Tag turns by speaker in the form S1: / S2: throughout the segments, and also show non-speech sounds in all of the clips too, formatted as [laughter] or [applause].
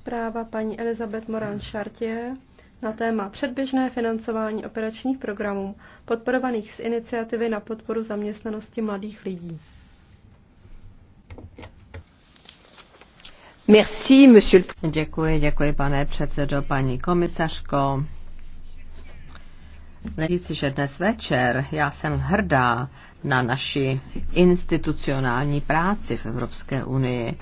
S1: zpráva paní Elizabeth Moran Chartier na téma předběžné financování operačních programů podporovaných z iniciativy na podporu zaměstnanosti mladých lidí.
S2: Merci, monsieur. Děkuji, děkuji, pane předsedo, paní komisařko. Říci, že dnes večer já jsem hrdá na naši institucionální práci v Evropské unii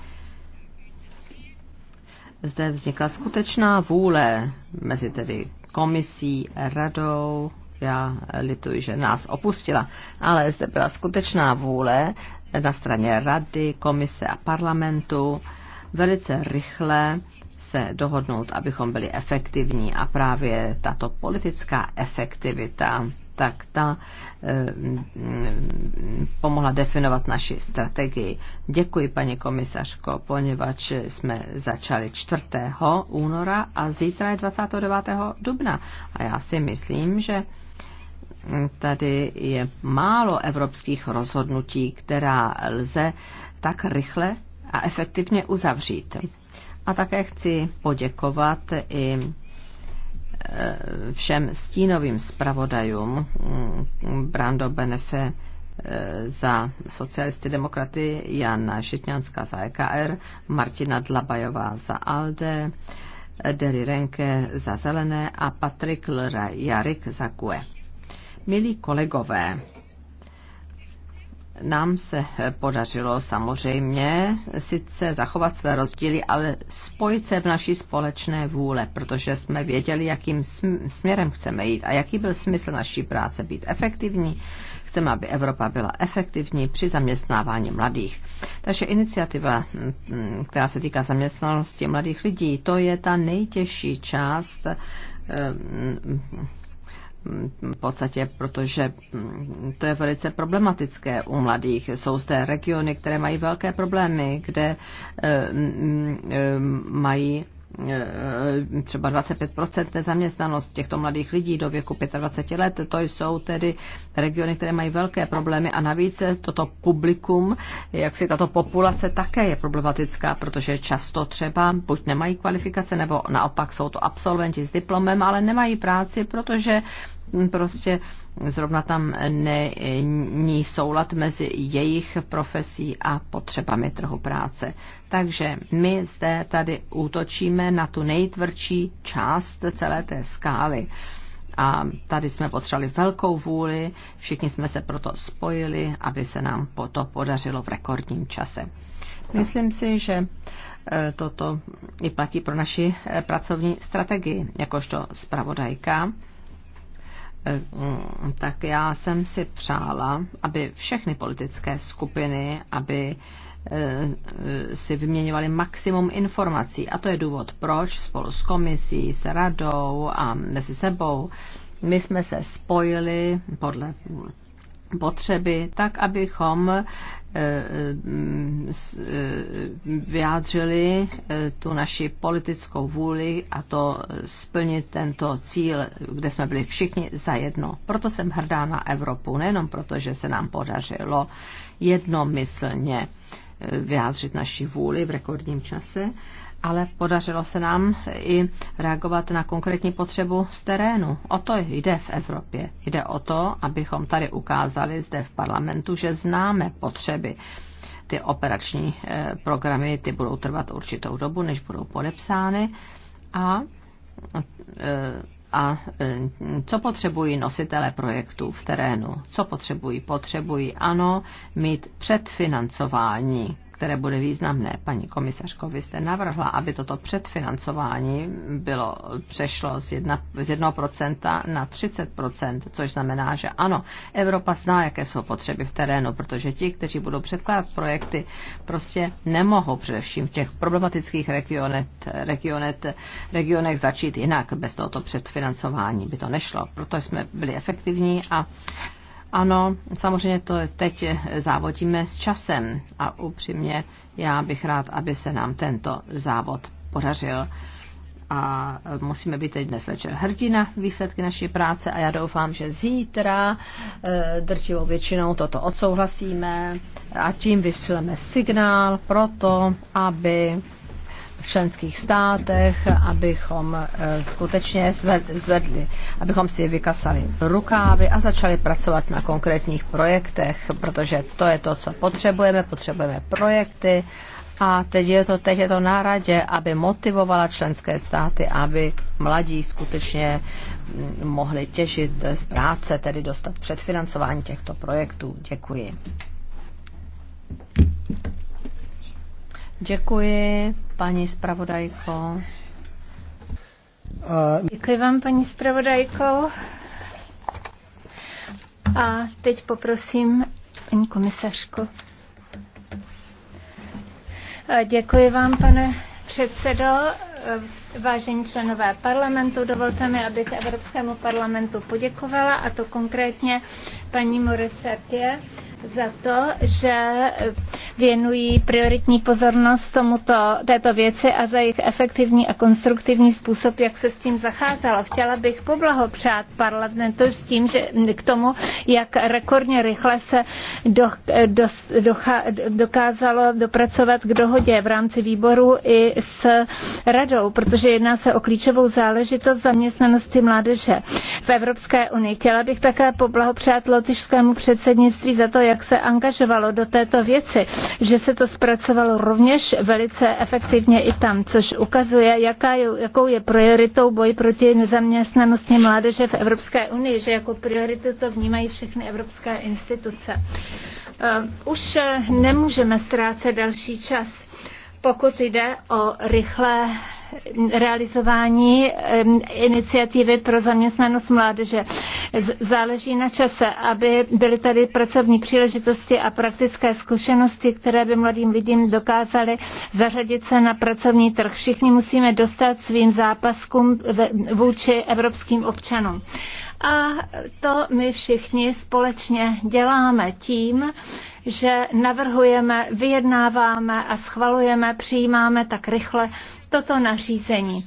S2: zde vznikla skutečná vůle mezi tedy komisí, radou, já lituji, že nás opustila, ale zde byla skutečná vůle na straně rady, komise a parlamentu velice rychle se dohodnout, abychom byli efektivní a právě tato politická efektivita tak ta eh, pomohla definovat naši strategii. Děkuji, paní komisařko, poněvadž jsme začali 4. února a zítra je 29. dubna. A já si myslím, že tady je málo evropských rozhodnutí, která lze tak rychle a efektivně uzavřít. A také chci poděkovat i všem stínovým zpravodajům mm, Brando Benefe eh, za socialisty demokraty, Jana Šitňanská za EKR, Martina Dlabajová za ALDE, Derry Renke za Zelené a Patrik Lra Jarik za KUE. Milí kolegové, nám se podařilo samozřejmě sice zachovat své rozdíly, ale spojit se v naší společné vůle, protože jsme věděli, jakým směrem chceme jít a jaký byl smysl naší práce být efektivní. Chceme, aby Evropa byla efektivní při zaměstnávání mladých. Takže iniciativa, mm, která se týká zaměstnanosti mladých lidí, to je ta nejtěžší část eh, v podstatě, protože to je velice problematické u mladých. Jsou zde regiony, které mají velké problémy, kde eh, eh, mají E, třeba 25% nezaměstnanost těchto mladých lidí do věku 25 let, to jsou tedy regiony, které mají velké problémy a navíc toto publikum, jak si tato populace také je problematická, protože často třeba buď nemají kvalifikace, nebo naopak jsou to absolventi s diplomem, ale nemají práci, protože prostě zrovna tam není soulad mezi jejich profesí a potřebami trhu práce. Takže my zde tady útočíme na tu nejtvrdší část celé té skály. A tady jsme potřebovali velkou vůli, všichni jsme se proto spojili, aby se nám to podařilo v rekordním čase. Myslím si, že e, toto i platí pro naši e, pracovní strategii, jakožto zpravodajka Eh, tak já jsem si přála, aby všechny politické skupiny, aby eh, si vyměňovali maximum informací. A to je důvod, proč spolu s komisí, s radou a mezi sebou my jsme se spojili podle potřeby, tak abychom eh, eh, eh, vyjádřili tu naši politickou vůli a to splnit tento cíl, kde jsme byli všichni zajedno. Proto jsem hrdá na Evropu, nejenom proto, že se nám podařilo jednomyslně vyjádřit naši vůli v rekordním čase, ale podařilo se nám i reagovat na konkrétní potřebu z terénu. O to jde v Evropě. Jde o to, abychom tady ukázali zde v parlamentu, že známe potřeby. Ty operační eh, programy ty budou trvat určitou dobu, než budou podepsány. A, eh, a eh, co potřebují nositele projektů v terénu? Co potřebují? Potřebují, ano, mít předfinancování které bude významné. Paní komisařko, vy jste navrhla, aby toto předfinancování bylo, přešlo z, jedna, z 1% na 30%, což znamená, že ano, Evropa zná, jaké jsou potřeby v terénu, protože ti, kteří budou předkládat projekty, prostě nemohou především v těch problematických regionet, regionet, regionech začít jinak. Bez tohoto předfinancování by to nešlo. Proto jsme byli efektivní a ano, samozřejmě to teď závodíme s časem a upřímně já bych rád, aby se nám tento závod pořařil. a musíme být teď dnes večer hrdina výsledky naší práce a já doufám, že zítra eh, drtivou většinou toto odsouhlasíme a tím vysíleme signál pro to, aby členských státech, abychom eh, skutečně zvedli, abychom si vykasali rukávy a začali pracovat na konkrétních projektech, protože to je to, co potřebujeme. Potřebujeme projekty a teď je to, teď je to na radě, aby motivovala členské státy, aby mladí skutečně mm, mohli těžit z práce, tedy dostat předfinancování těchto projektů. Děkuji. Děkuji, paní zpravodajko.
S3: Děkuji vám, paní zpravodajko. A teď poprosím paní komisařku. Děkuji vám, pane předsedo. Vážení členové parlamentu, dovolte mi, abych Evropskému parlamentu poděkovala, a to konkrétně paní Morissetě za to, že věnují prioritní pozornost tomuto, této věci a za jejich efektivní a konstruktivní způsob, jak se s tím zacházelo. Chtěla bych poblahopřát parlamentu s tím, že k tomu, jak rekordně rychle se do, do, do, dokázalo dopracovat k dohodě v rámci výboru i s radou, protože jedná se o klíčovou záležitost zaměstnanosti mládeže v Evropské unii. Chtěla bych také poblahopřát lotyšskému předsednictví za to, jak se angažovalo do této věci, že se to zpracovalo rovněž velice efektivně i tam, což ukazuje, jaká je, jakou je prioritou boj proti nezaměstnanosti mládeže v Evropské unii, že jako prioritu to vnímají všechny evropské instituce. Eh, už eh, nemůžeme ztrácet další čas, pokud jde o rychlé realizování iniciativy pro zaměstnanost mládeže. Záleží na čase, aby byly tady pracovní příležitosti a praktické zkušenosti, které by mladým lidem dokázaly zařadit se na pracovní trh. Všichni musíme dostat svým zápaskům vůči evropským občanům. A to my všichni společně děláme tím, že navrhujeme, vyjednáváme a schvalujeme, přijímáme tak rychle, toto nařízení.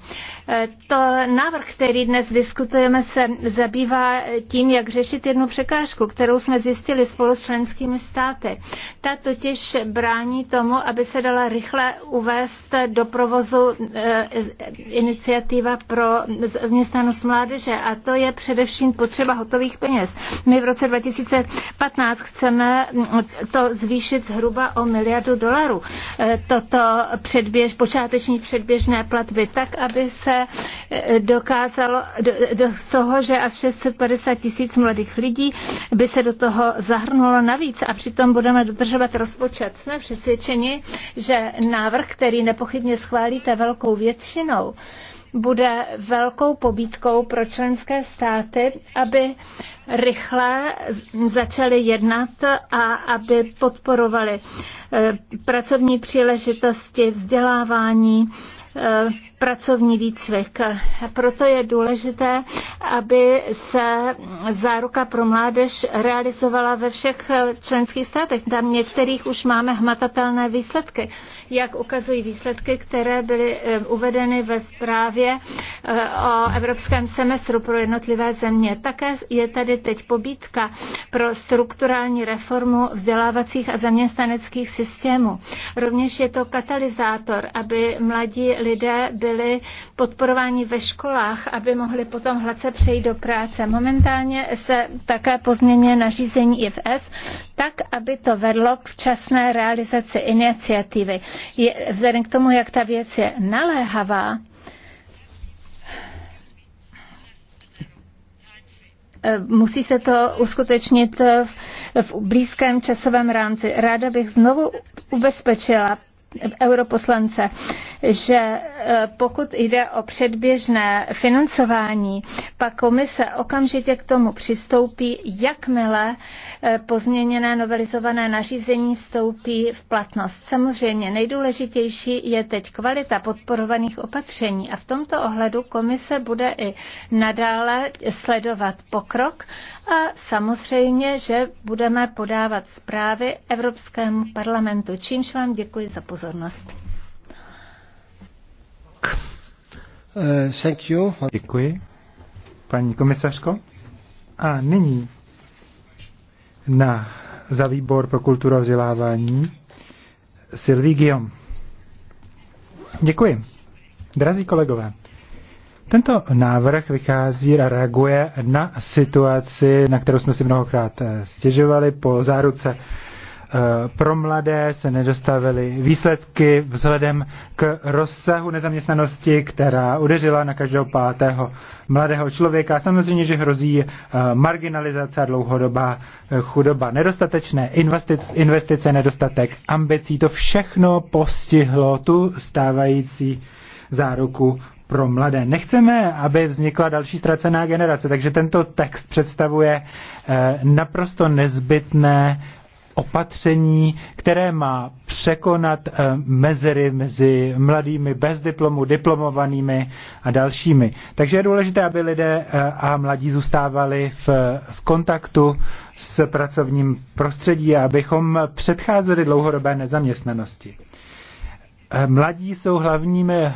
S3: Eh, to návrh, který dnes diskutujeme, se zabývá tím, jak řešit jednu překážku, kterou jsme zjistili spolu s členskými státy. Ta totiž brání tomu, aby se dala rychle uvést do provozu eh, iniciativa pro zaměstnanost mládeže a to je především potřeba hotových peněz. My v roce 2015 chceme to zvýšit zhruba o miliardu dolarů. Eh, toto předběž, počáteční předběžné platby, tak, aby se dokázalo do, toho, že až 650 tisíc mladých lidí by se do toho zahrnulo navíc a přitom budeme dodržovat rozpočet. Jsme přesvědčeni, že návrh, který nepochybně schválíte velkou většinou, bude velkou pobídkou pro členské státy, aby rychle začaly jednat a aby podporovali eh, pracovní příležitosti, vzdělávání Eh, pracovní výcvik. Proto je důležité, aby se záruka pro mládež realizovala ve všech členských státech. Tam některých už máme hmatatelné výsledky, jak ukazují výsledky, které byly eh, uvedeny ve zprávě eh, o evropském semestru pro jednotlivé země. Také je tady teď pobídka pro strukturální reformu vzdělávacích a zaměstnaneckých systémů. Rovněž je to katalyzátor, aby mladí lidé byli podporováni ve školách, aby mohli potom hladce přejít do práce. Momentálně se také pozměně nařízení IFS tak, aby to vedlo k včasné realizaci iniciativy. Je, vzhledem k tomu, jak ta věc je naléhavá, eh, musí se to uskutečnit v, v blízkém časovém rámci. Ráda bych znovu ubezpečila europoslance, že e, pokud jde o předběžné financování, pak komise okamžitě k tomu přistoupí, jakmile e, pozměněné novelizované nařízení vstoupí v platnost. Samozřejmě nejdůležitější je teď kvalita podporovaných opatření a v tomto ohledu komise bude i nadále sledovat pokrok a samozřejmě, že budeme podávat zprávy Evropskému parlamentu, čímž vám děkuji za pozornost.
S4: Eh, thank you. Děkuji, paní komisařko. A nyní na, za výbor pro kulturu a vzdělávání Sylvie Guillaume. Děkuji. Drazí kolegové, tento návrh vychází a reaguje na situaci, na kterou jsme si mnohokrát eh, stěžovali po záruce eh, pro mladé se nedostavily výsledky vzhledem k rozsahu nezaměstnanosti, která udeřila na každého pátého mladého člověka. Samozřejmě, že hrozí eh, marginalizace a dlouhodobá chudoba. Nedostatečné investice, investice nedostatek ambicí, to všechno postihlo tu stávající záruku pro mladé. Nechceme, aby vznikla další ztracená generace, takže tento text představuje eh, naprosto nezbytné opatření, které má překonat eh, mezery mezi mladými bez diplomu, diplomovanými a dalšími. Takže je důležité, aby lidé eh, a mladí zůstávali v, v kontaktu s pracovním prostředí a abychom předcházeli dlouhodobé nezaměstnanosti. Mladí jsou hlavními eh,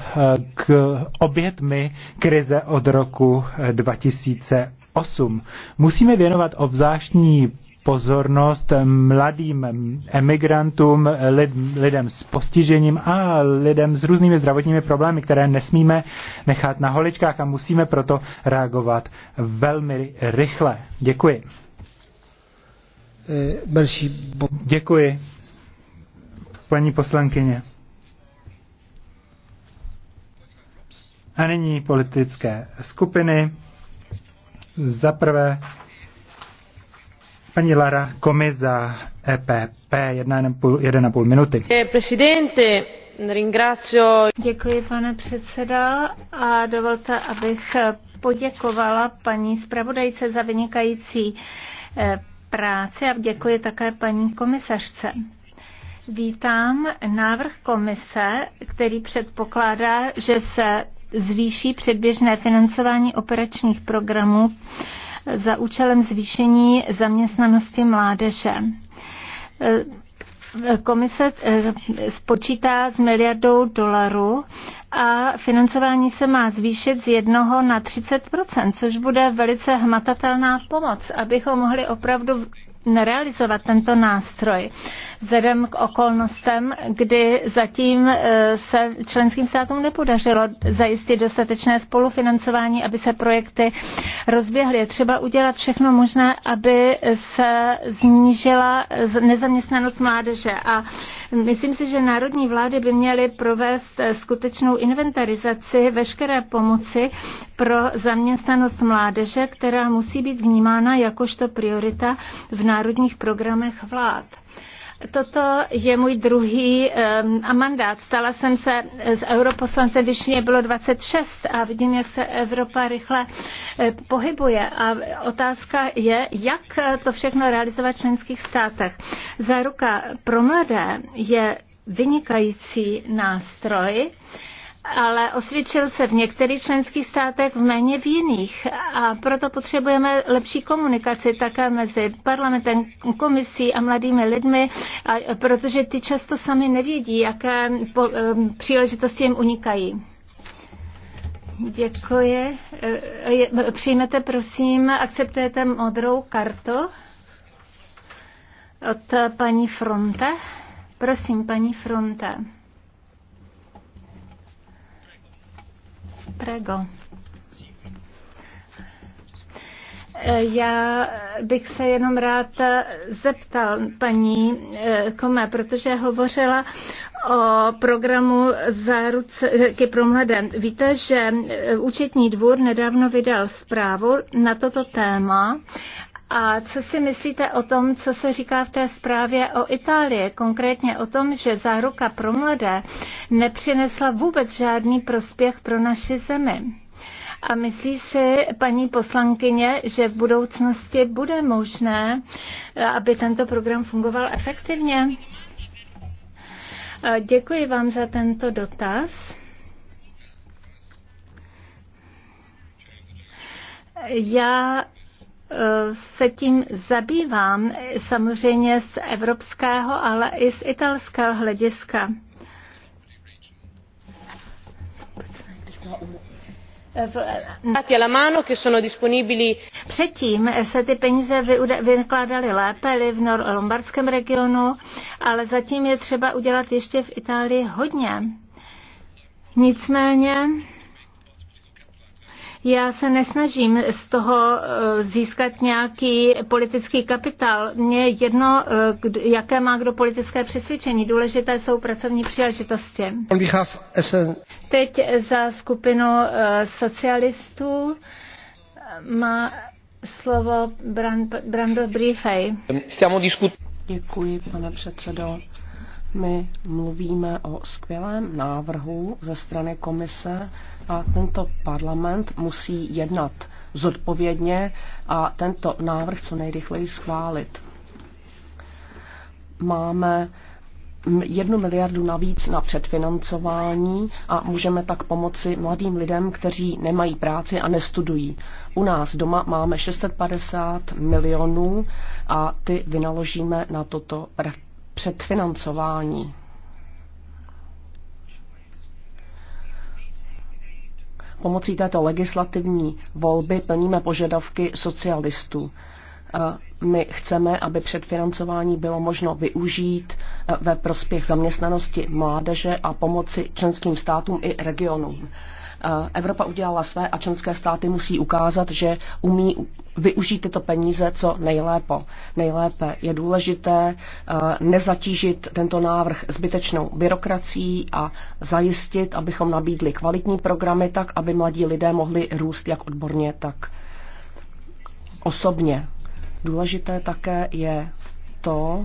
S4: k obětmi krize od roku 2008. Eh, musíme věnovat obzvláštní pozornost mladým emigrantům, lid, lidem s postižením a lidem s různými zdravotními problémy, které nesmíme nechat na holičkách a musíme proto reagovat velmi rychle. Děkuji. Eh, Děkuji, paní poslankyně. A nyní politické skupiny. Za prvé paní Lara Komi za EPP, 1,5 minuty.
S3: Eh, presidente, Děkuji, pane předseda, a dovolte, abych poděkovala paní zpravodajce za vynikající eh, práci a děkuji také paní komisařce. Vítám návrh komise, který předpokládá, že se zvýší předběžné financování operačních programů za účelem zvýšení zaměstnanosti mládeže. Eh, komise eh, spočítá s miliardou dolarů a financování se má zvýšit z jednoho na 30 což bude velice hmatatelná pomoc, abychom mohli opravdu realizovat tento nástroj vzhledem k okolnostem, kdy zatím eh, se členským státům nepodařilo zajistit dostatečné spolufinancování, aby se projekty rozběhly. Je třeba udělat všechno možné, aby se znížila nezaměstnanost mládeže. A myslím si, že národní vlády by měly provést eh, skutečnou inventarizaci veškeré pomoci pro zaměstnanost mládeže, která musí být vnímána jakožto priorita v národních programech vlád. Toto je můj druhý um, mandát. Stala jsem se z europoslance, když mě bylo 26 a vidím, jak se Evropa rychle e, pohybuje. A otázka je, jak to všechno realizovat v členských státech. Záruka pro mladé je vynikající nástroj, uh, ale osvědčil se v některých členských státech, v méně v jiných. A proto potřebujeme lepší komunikaci také mezi parlamentem, komisí a mladými lidmi, a, protože ty často sami nevědí, jaké po, příležitosti jim unikají. Děkuji. E, přijmete, prosím, akceptujete modrou kartu od paní Fronte. Prosím, paní Fronte. Prego. Já bych se jenom rád zeptal paní eh, Kome, protože hovořila o programu záruky eh, pro mladé. Víte, že eh, účetní dvůr nedávno vydal zprávu na toto téma a co si myslíte o tom, co se říká v té zprávě o Itálii, konkrétně o tom, že záruka pro mladé nepřinesla vůbec žádný prospěch pro naši zemi? A myslí si paní poslankyně, že v budoucnosti bude možné, aby tento program fungoval efektivně? Děkuji vám za tento dotaz. Já se tím zabývám samozřejmě z evropského, ale i z italského hlediska. Předtím se ty peníze vykládaly lépe v lombardském regionu, ale zatím je třeba udělat ještě v Itálii hodně. Nicméně já se nesnažím z toho eh, získat nějaký politický kapitál. Mně jedno, eh, jaké má kdo politické přesvědčení. Důležité jsou pracovní příležitosti. Teď za skupinu eh, socialistů má slovo Brando Briefej.
S1: Děkuji, pane předsedo. My mluvíme o skvělém návrhu ze strany komise, a tento parlament musí jednat zodpovědně a tento návrh co nejrychleji schválit. Máme jednu miliardu navíc na předfinancování a můžeme tak pomoci mladým lidem, kteří nemají práci a nestudují. U nás doma máme 650 milionů a ty vynaložíme na toto předfinancování. pomocí této legislativní volby plníme požadavky socialistů. E, my chceme, aby předfinancování bylo možno využít e, ve prospěch zaměstnanosti mládeže a pomoci členským státům i regionům. E, Evropa udělala své a členské státy musí ukázat, že umí využít tyto peníze co nejlépe. nejlépe. Je důležité eh, nezatížit tento návrh zbytečnou byrokracií a zajistit, abychom nabídli kvalitní programy tak, aby mladí lidé mohli růst jak odborně, tak osobně. Důležité také je to,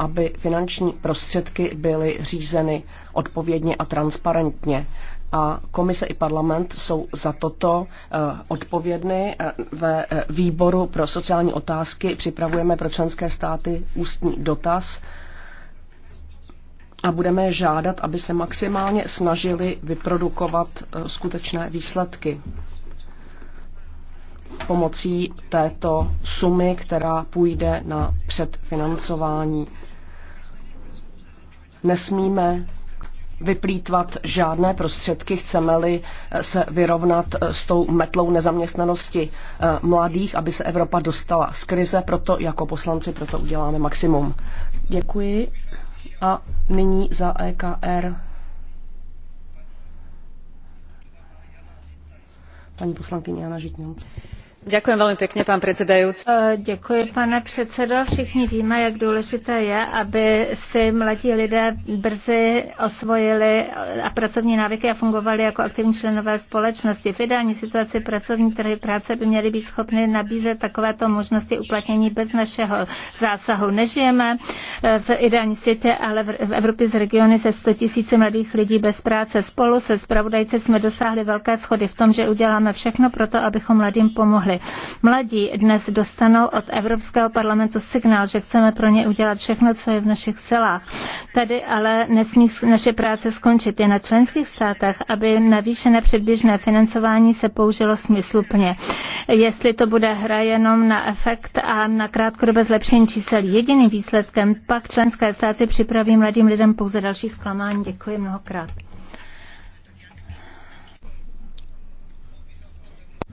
S1: aby finanční prostředky byly řízeny odpovědně a transparentně. A komise i parlament jsou za toto eh, odpovědny. Eh, ve eh, výboru pro sociální otázky připravujeme pro členské státy ústní dotaz a budeme žádat, aby se maximálně snažili vyprodukovat skutečné výsledky pomocí této sumy, která půjde na předfinancování Nesmíme vyplýtvat žádné prostředky, chceme-li se vyrovnat s tou metlou nezaměstnanosti eh, mladých, aby se Evropa dostala z krize, proto jako poslanci proto uděláme maximum. Děkuji. A nyní za EKR paní poslankyně Jana Žitňance.
S2: Děkuji velmi pěkně, pan předsedající.
S3: Eh, děkuji, pane předsedo. Všichni víme, jak důležité je, aby si mladí lidé brzy osvojili eh, a pracovní návyky a fungovali jako aktivní členové společnosti. V ideální situaci pracovní trhy práce by měly být schopny nabízet takovéto možnosti uplatnění bez našeho zásahu. Nežijeme eh, v ideální světě, ale v Evropě z regiony se 100 tisíci mladých lidí bez práce. Spolu se zpravodajci jsme dosáhli velké schody v tom, že uděláme všechno pro to, abychom mladým pomohli pomohli. Mladí dnes dostanou od Evropského parlamentu signál, že chceme pro ně udělat všechno, co je v našich silách. Tady ale nesmí naše práce skončit. Je na členských státech, aby navýšené předběžné financování se použilo smysluplně. Jestli to bude hra jenom na efekt a na krátkodobé zlepšení čísel jediným výsledkem, pak členské státy připraví mladým lidem pouze další zklamání. Děkuji mnohokrát.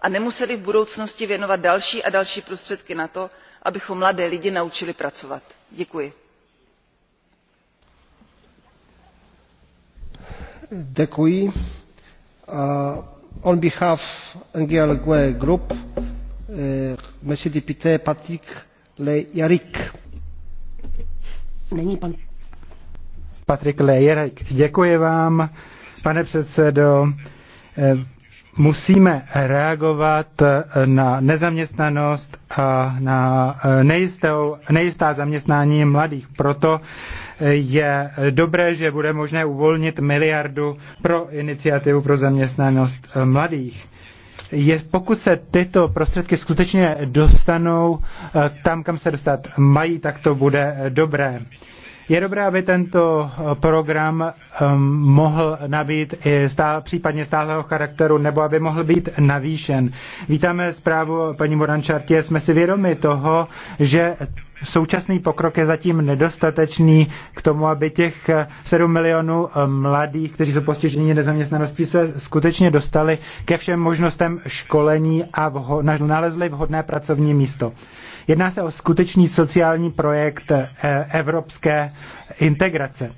S5: a nemuseli v budoucnosti věnovat další a další prostředky na to abychom mladé lidi naučili pracovat. děkuji.
S4: děkuji. on behalf ngl gue group uh, eh, m. député patrick le jarik. Není pan. Patrik Lejerek. Děkuji vám, pane předsedo. Eh, musíme reagovat eh, na nezaměstnanost a na eh, nejistou, nejistá zaměstnání mladých. Proto eh, je dobré, že bude možné uvolnit miliardu pro iniciativu pro zaměstnanost mladých. Je, pokud se tyto prostředky skutečně dostanou tam, kam se dostat mají, tak to bude dobré. Je dobré, aby tento eh, program ehm, mohl nabít i stále, případně stáleho charakteru, nebo aby mohl být navýšen. Vítáme zprávu paní Morančartě, jsme si vědomi toho, že současný pokrok je zatím nedostatečný k tomu, aby těch 7 eh, milionů eh, mladých, kteří jsou postiženi nezaměstnaností, se skutečně dostali ke všem možnostem školení a nalezli vhodné pracovní místo. Jedná se o skutečný sociální projekt eh, evropské integrace.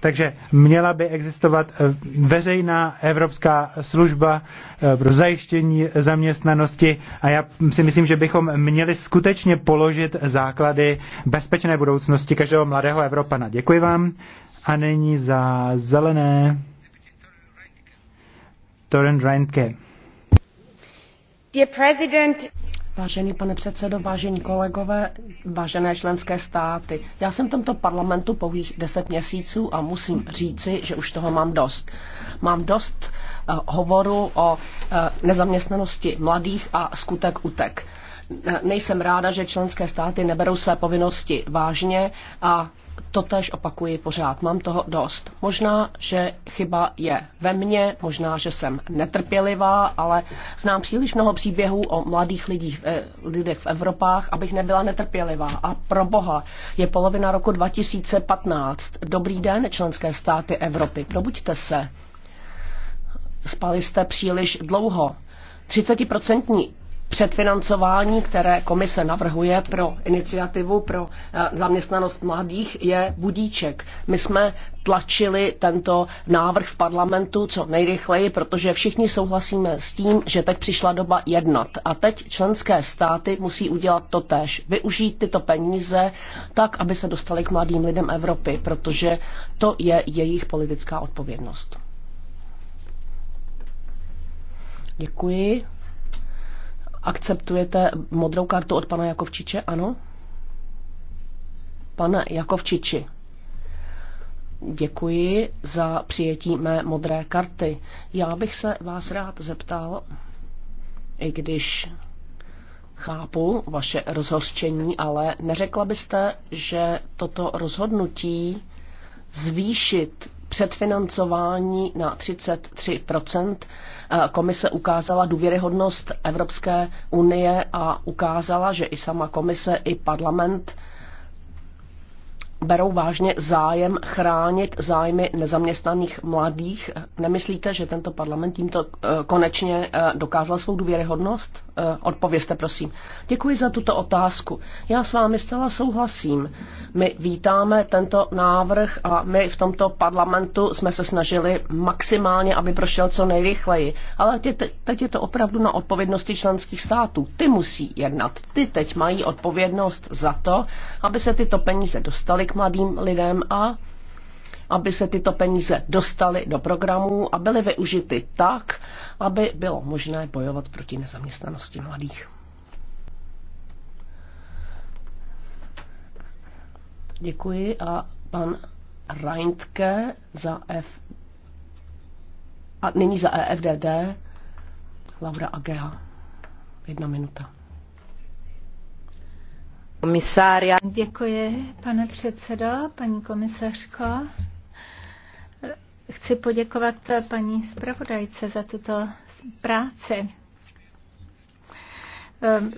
S4: Takže měla by existovat eh, veřejná evropská služba eh, pro zajištění zaměstnanosti a já si myslím, že bychom měli skutečně položit základy bezpečné budoucnosti každého mladého Evropana. Děkuji vám a nyní za zelené Torrent Reintke.
S1: Dear President, Vážený pane předsedo, vážení kolegové, vážené členské státy, já jsem v tomto parlamentu pouhých deset měsíců a musím říci, že už toho mám dost. Mám dost uh, hovoru o uh, nezaměstnanosti mladých a skutek utek. Eh, nejsem ráda, že členské státy neberou své povinnosti vážně a totež opakuji pořád, mám toho dost. Možná, že chyba je ve mně, možná, že jsem netrpělivá, ale znám příliš mnoho příběhů o mladých lidích, eh, lidech v Evropách, abych nebyla netrpělivá. A pro boha, je polovina roku 2015. Dobrý den, členské státy Evropy, probuďte se. Spali jste příliš dlouho. 30% předfinancování, které komise navrhuje pro iniciativu pro eh, zaměstnanost mladých, je budíček. My jsme tlačili tento návrh v parlamentu co nejrychleji, protože všichni souhlasíme s tím, že teď přišla doba jednat. A teď členské státy musí udělat to tež. Využít tyto peníze tak, aby se dostali k mladým lidem Evropy, protože to je jejich politická odpovědnost. Děkuji. Akceptujete modrou kartu od pana Jakovčiče? Ano? Pane Jakovčiči, děkuji za přijetí mé modré karty. Já bych se vás rád zeptal, i když chápu vaše rozhořčení, ale neřekla byste, že toto rozhodnutí zvýšit předfinancování na 33 eh, Komise ukázala důvěryhodnost Evropské unie a ukázala, že i sama komise, i parlament berou vážně zájem chránit zájmy nezaměstnaných mladých. Nemyslíte, že tento parlament tímto eh, konečně eh, dokázal svou důvěryhodnost? Eh, odpovězte, prosím. Děkuji za tuto otázku. Já s vámi zcela souhlasím. My vítáme tento návrh a my v tomto parlamentu jsme se snažili maximálně, aby prošel co nejrychleji. Ale teď je to opravdu na odpovědnosti členských států. Ty musí jednat. Ty teď mají odpovědnost za to, aby se tyto peníze dostaly k k mladým lidem a aby se tyto peníze dostaly do programů a byly využity tak, aby bylo možné bojovat proti nezaměstnanosti mladých. Děkuji a pan Reintke za F a nyní za EFDD Laura Agea. Jedna minuta komisária.
S3: Děkuji, pane předsedo, paní komisařko. Chci poděkovat paní zpravodajce za tuto práci. Ehm,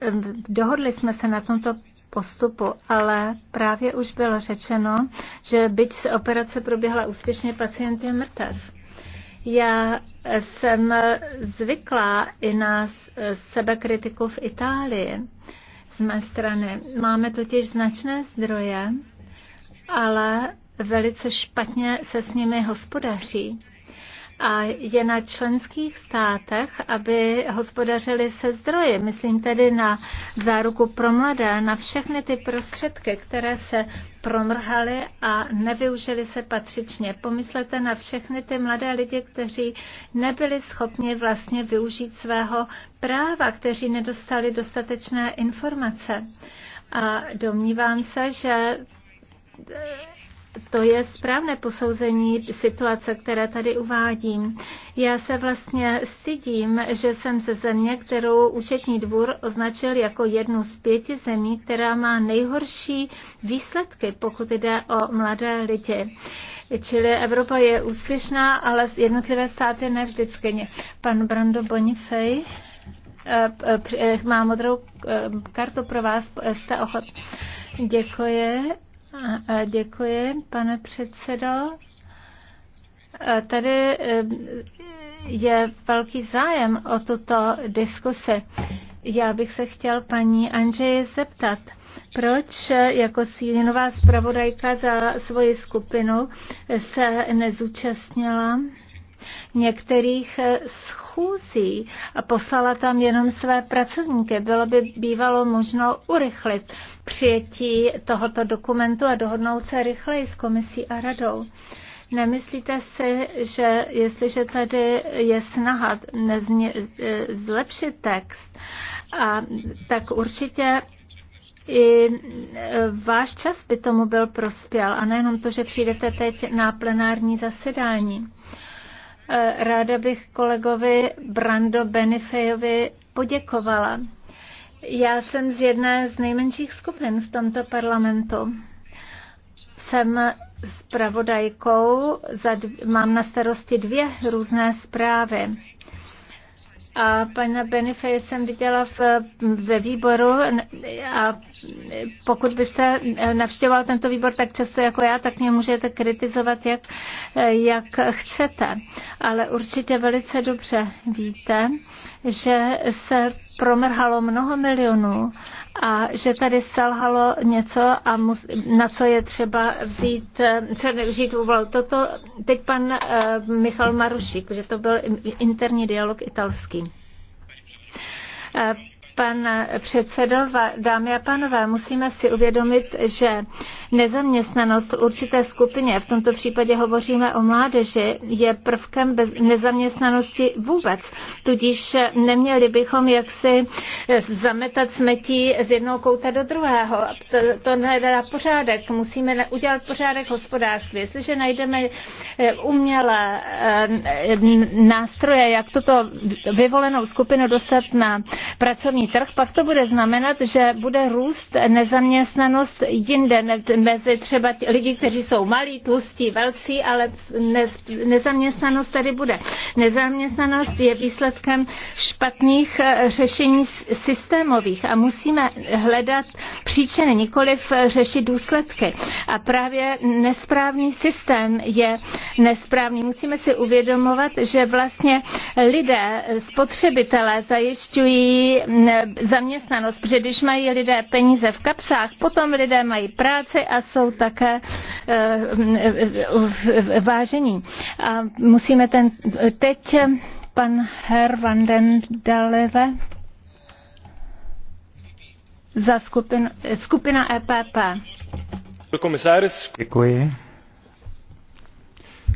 S3: ehm, dohodli jsme se na tomto postupu, ale právě už bylo řečeno, že byť se operace proběhla úspěšně, pacient je mrtev. Já jsem zvyklá i na sebekritiku v Itálii z mé strany. Máme totiž značné zdroje, ale velice špatně se s nimi hospodaří a je na členských státech, aby hospodařili se zdroje. Myslím tedy na záruku pro mladé, na všechny ty prostředky, které se promrhaly a nevyužili se patřičně. Pomyslete na všechny ty mladé lidi, kteří nebyli schopni vlastně využít svého práva, kteří nedostali dostatečné informace. A domnívám se, že to je správné posouzení situace, které tady uvádím. Já se vlastně stydím, že jsem ze země, kterou účetní dvůr označil jako jednu z pěti zemí, která má nejhorší výsledky, pokud jde o mladé lidi. Čili Evropa je úspěšná, ale jednotlivé státy ne vždycky. Pan Brando Bonifej eh, eh, má modrou eh, kartu pro vás. Jste ochotný? Děkuji. Děkuji, pane předsedo. Tady eh, je velký zájem o tuto diskusi. Já bych se chtěl paní Andřeje zeptat, proč eh, jako sílinová zpravodajka za svoji skupinu se nezúčastnila některých eh, schůzí a poslala tam jenom své pracovníky. Bylo by bývalo možno urychlit přijetí tohoto dokumentu a dohodnout se rychleji s komisí a radou. Nemyslíte si, že jestliže tady je snaha eh, zlepšit text, a, tak určitě i eh, váš čas by tomu byl prospěl a nejenom to, že přijdete teď na plenární zasedání. Eh, ráda bych kolegovi Brando Benifejovi poděkovala. Já jsem z jedné z nejmenších skupin v tomto parlamentu. Jsem zpravodajkou, mám na starosti dvě různé zprávy a pana Benefe jsem viděla v, ve výboru a pokud byste navštěvoval tento výbor tak často jako já, tak mě můžete kritizovat, jak, jak chcete. Ale určitě velice dobře víte, že se promrhalo mnoho milionů a že tady selhalo něco, a mus, na co je třeba vzít, co nevzít úvahu. Toto teď pan uh, Michal Marušik, že to byl interní dialog italský. Eh, pan předsedo, dámy a pánové, musíme si uvědomit, že nezaměstnanost určité skupině, v tomto případě hovoříme o mládeži, je prvkem bez nezaměstnanosti vůbec. Tudíž neměli bychom jaksi zametat smetí z jednoho kouta do druhého. To, to nedá pořádek. Musíme udělat pořádek hospodářství. Jestliže najdeme eh, umělé eh, nástroje, jak tuto vyvolenou skupinu dostat na pracovní trh, pak to bude znamenat, že bude růst nezaměstnanost jinde mezi třeba lidi, kteří jsou malí, tlustí, velcí, ale ne, nezaměstnanost tady bude. Nezaměstnanost je výsledkem špatných eh, řešení systémových a musíme hledat příčiny, nikoliv eh, řešit důsledky. A právě nesprávný systém je nesprávný. Musíme si uvědomovat, že vlastně lidé, eh, spotřebitelé zajišťují zaměstnanost, protože když mají lidé peníze v kapsách, potom lidé mají práci a jsou také eh, vážení. A musíme ten, teď pan Herr van den Daleve za skupin, skupina EPP.
S4: Děkuji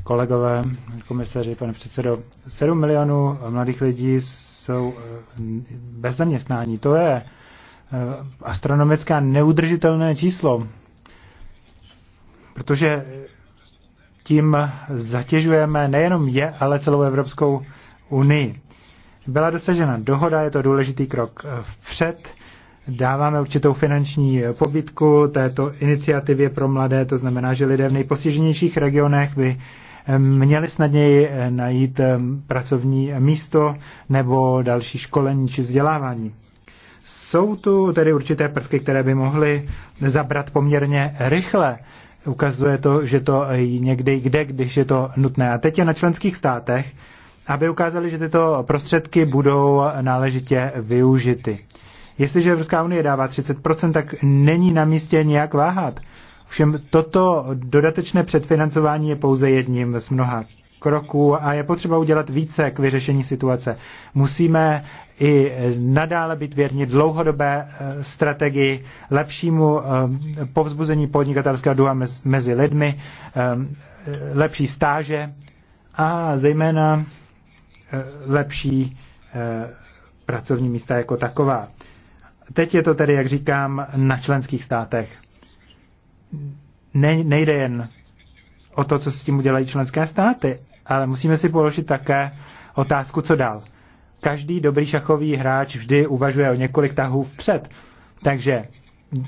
S4: kolegové, komisaři, pane předsedo. 7 milionů mladých lidí jsou eh, bez zaměstnání. To je eh, astronomická neudržitelné číslo, protože tím zatěžujeme nejenom je, ale celou Evropskou unii. Byla dosažena dohoda, je to důležitý krok vpřed. Dáváme určitou finanční pobytku této iniciativě pro mladé, to znamená, že lidé v nejpostiženějších regionech by měli snadněji eh, najít eh, pracovní místo nebo další školení či vzdělávání. Jsou tu tedy určité prvky, které by mohly zabrat poměrně rychle. Ukazuje to, že to někdy kde, když je to nutné. A teď je na členských státech, aby ukázali, že tyto prostředky budou náležitě využity. Jestliže Evropská unie dává 30%, tak není na místě nějak váhat. Všem toto dodatečné předfinancování je pouze jedním z mnoha kroků a je potřeba udělat více k vyřešení situace. Musíme i nadále být věrni dlouhodobé eh, strategii, lepšímu eh, povzbuzení podnikatelského duha mezi lidmi, eh, lepší stáže a zejména lepší pracovní místa jako taková. Teď je to tedy, jak říkám, na členských státech ne, nejde jen o to, co s tím udělají členské státy, ale musíme si položit také otázku, co dál. Každý dobrý šachový hráč vždy uvažuje o několik tahů vpřed, takže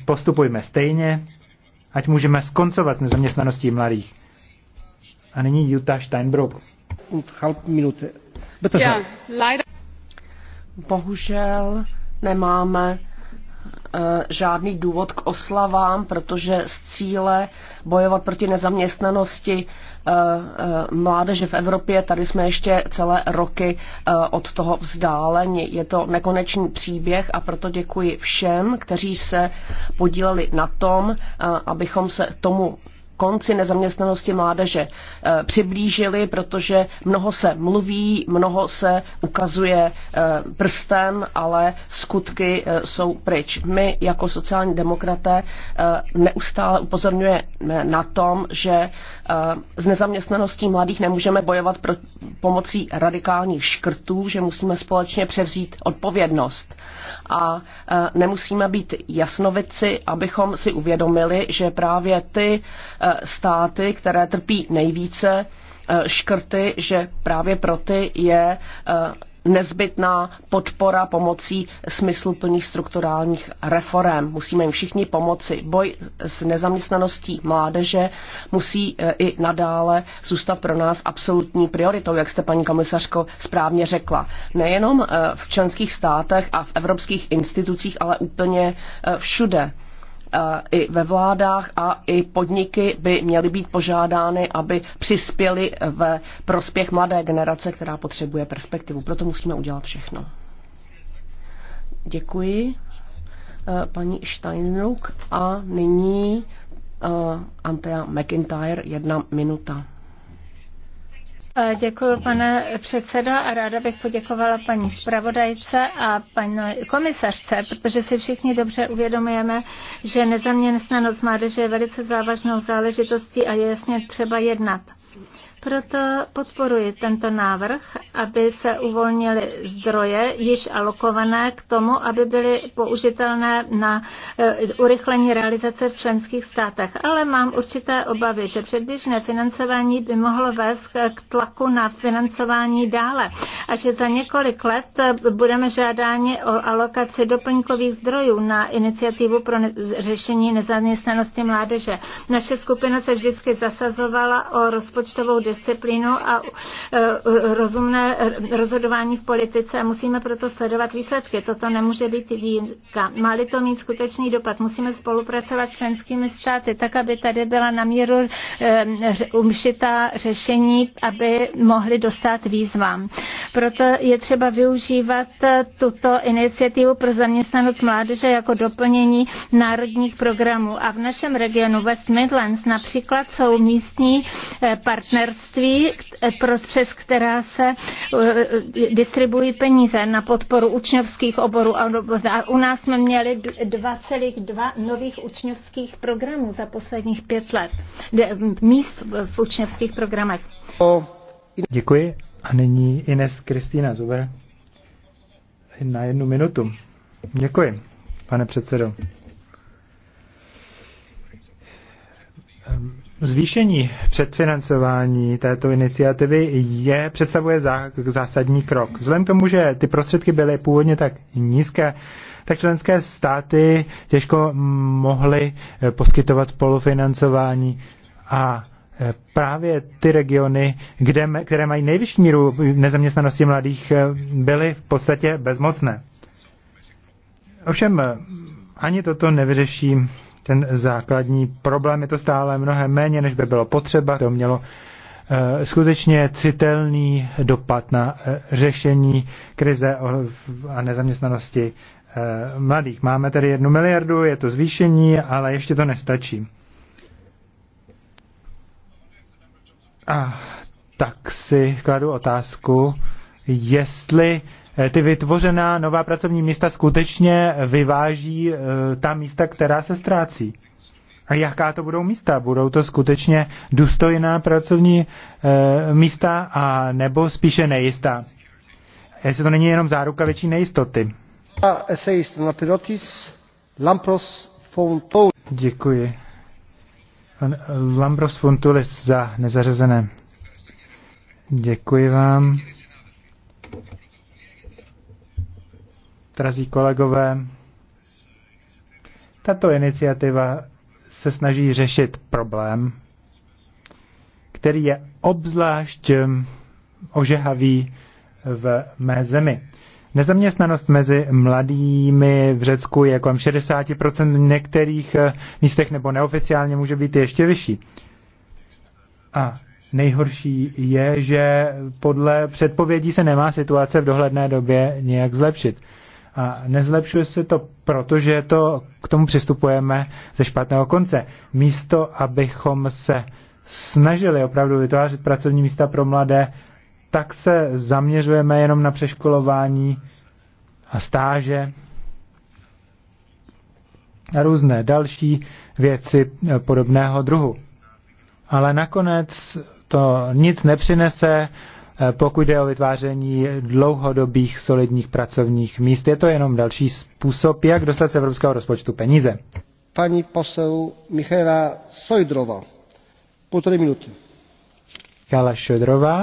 S4: postupujme stejně, ať můžeme skoncovat s nezaměstnaností mladých. A nyní Jutta Steinbrook.
S1: Bohužel nemáme Eh, žádný důvod k oslavám, protože z cíle bojovat proti nezaměstnanosti eh, eh, mládeže v Evropě, tady jsme ještě celé roky od toho vzdáleni. Je to nekonečný příběh a proto děkuji všem, kteří se podíleli na tom, abychom se tomu konci nezaměstnanosti mládeže eh, přiblížili, protože mnoho se mluví, mnoho se ukazuje eh, prstem, ale skutky eh, jsou pryč. My jako sociální demokraté neustále upozorňujeme na tom, že s eh, nezaměstnaností mladých nemůžeme bojovat pro, pomocí radikálních škrtů, že musíme společně převzít odpovědnost. A eh, nemusíme být jasnovici, abychom si uvědomili, že právě ty eh, státy, které trpí nejvíce, škrty, že právě pro ty je nezbytná podpora pomocí smysluplných strukturálních reform. Musíme jim všichni pomoci. Boj s nezaměstnaností mládeže musí eh, i nadále zůstat pro nás absolutní prioritou, jak jste paní komisařko správně řekla. Nejenom eh, v členských státech a v evropských institucích, ale úplně eh, všude i ve vládách a i podniky by měly být požádány, aby přispěly ve prospěch mladé generace, která potřebuje perspektivu. Proto musíme udělat všechno. Děkuji eh, paní Steinruck a nyní eh, Antea McIntyre, jedna minuta.
S3: Děkuji, pane předsedo, a ráda bych poděkovala paní zpravodajce a paní komisařce, protože si všichni dobře uvědomujeme, že nezaměstnanost mládeže je velice závažnou záležitostí a je jasně třeba jednat. Proto podporuji tento návrh, aby se uvolnily zdroje již alokované k tomu, aby byly použitelné na eh, urychlení realizace v členských státech. Ale mám určité obavy, že předběžné financování by mohlo vést k tlaku na financování dále a že za několik let budeme žádáni o alokaci doplňkových zdrojů na iniciativu pro řešení nezaměstnanosti mládeže. Naše skupina se vždycky zasazovala o rozpočtovou disciplínu a e, rozumné e, rozhodování v politice a musíme proto sledovat výsledky. Toto nemůže být výjimka. Má-li to mít skutečný dopad, musíme spolupracovat s členskými státy, tak aby tady byla na míru e, umšitá řešení, aby mohli dostat výzvám. Proto je třeba využívat tuto iniciativu pro zaměstnanost mládeže jako doplnění národních programů. A v našem regionu West Midlands například jsou místní partnerství bohatství, přes která se eh, eh, distribuují peníze na podporu učňovských oborů. A u nás jsme měli 2,2 nových učňovských programů za posledních pět let, míst v učňovských programech.
S4: Děkuji. A nyní Ines Kristýna Zuber na jednu minutu. Děkuji, pane předsedo. Ehm, Zvýšení předfinancování této iniciativy je, představuje zá, zásadní krok. Vzhledem k tomu, že ty prostředky byly původně tak nízké, tak členské státy těžko mohly eh, poskytovat spolufinancování a eh, právě ty regiony, kde, které mají nejvyšší míru nezaměstnanosti mladých, eh, byly v podstatě bezmocné. Ovšem ani toto nevyřeší ten základní problém. Je to stále mnohem méně, než by bylo potřeba. To mělo eh, skutečně citelný dopad na eh, řešení krize a nezaměstnanosti eh, mladých. Máme tedy jednu miliardu, je to zvýšení, ale ještě to nestačí. A tak si kladu otázku, jestli Eh, ty vytvořená nová pracovní místa skutečně vyváží eh, ta místa, která se ztrácí. A jaká to budou místa? Budou to skutečně důstojná pracovní eh, místa a nebo spíše nejistá? Jestli to není jenom záruka větší nejistoty. Děkuji. Lambros Fontulis za nezařazené. Děkuji vám. drazí kolegové, tato iniciativa se snaží řešit problém, který je obzvlášť eh, ožehavý v mé zemi. Nezaměstnanost mezi mladými v Řecku je kolem 60%, v některých eh, místech nebo neoficiálně může být ještě vyšší. A nejhorší je, že podle předpovědí se nemá situace v dohledné době nějak zlepšit. A nezlepšuje se to, protože to k tomu přistupujeme ze špatného konce. Místo, abychom se snažili opravdu vytvářet pracovní místa pro mladé, tak se zaměřujeme jenom na přeškolování a stáže a různé další věci podobného druhu. Ale nakonec to nic nepřinese, Eh, pokud jde o vytváření dlouhodobých solidních pracovních míst. Je to jenom další způsob, jak dostat z evropského rozpočtu peníze. Pani posel Michaela Sojdrova, půl minuty. Michaela Šodrová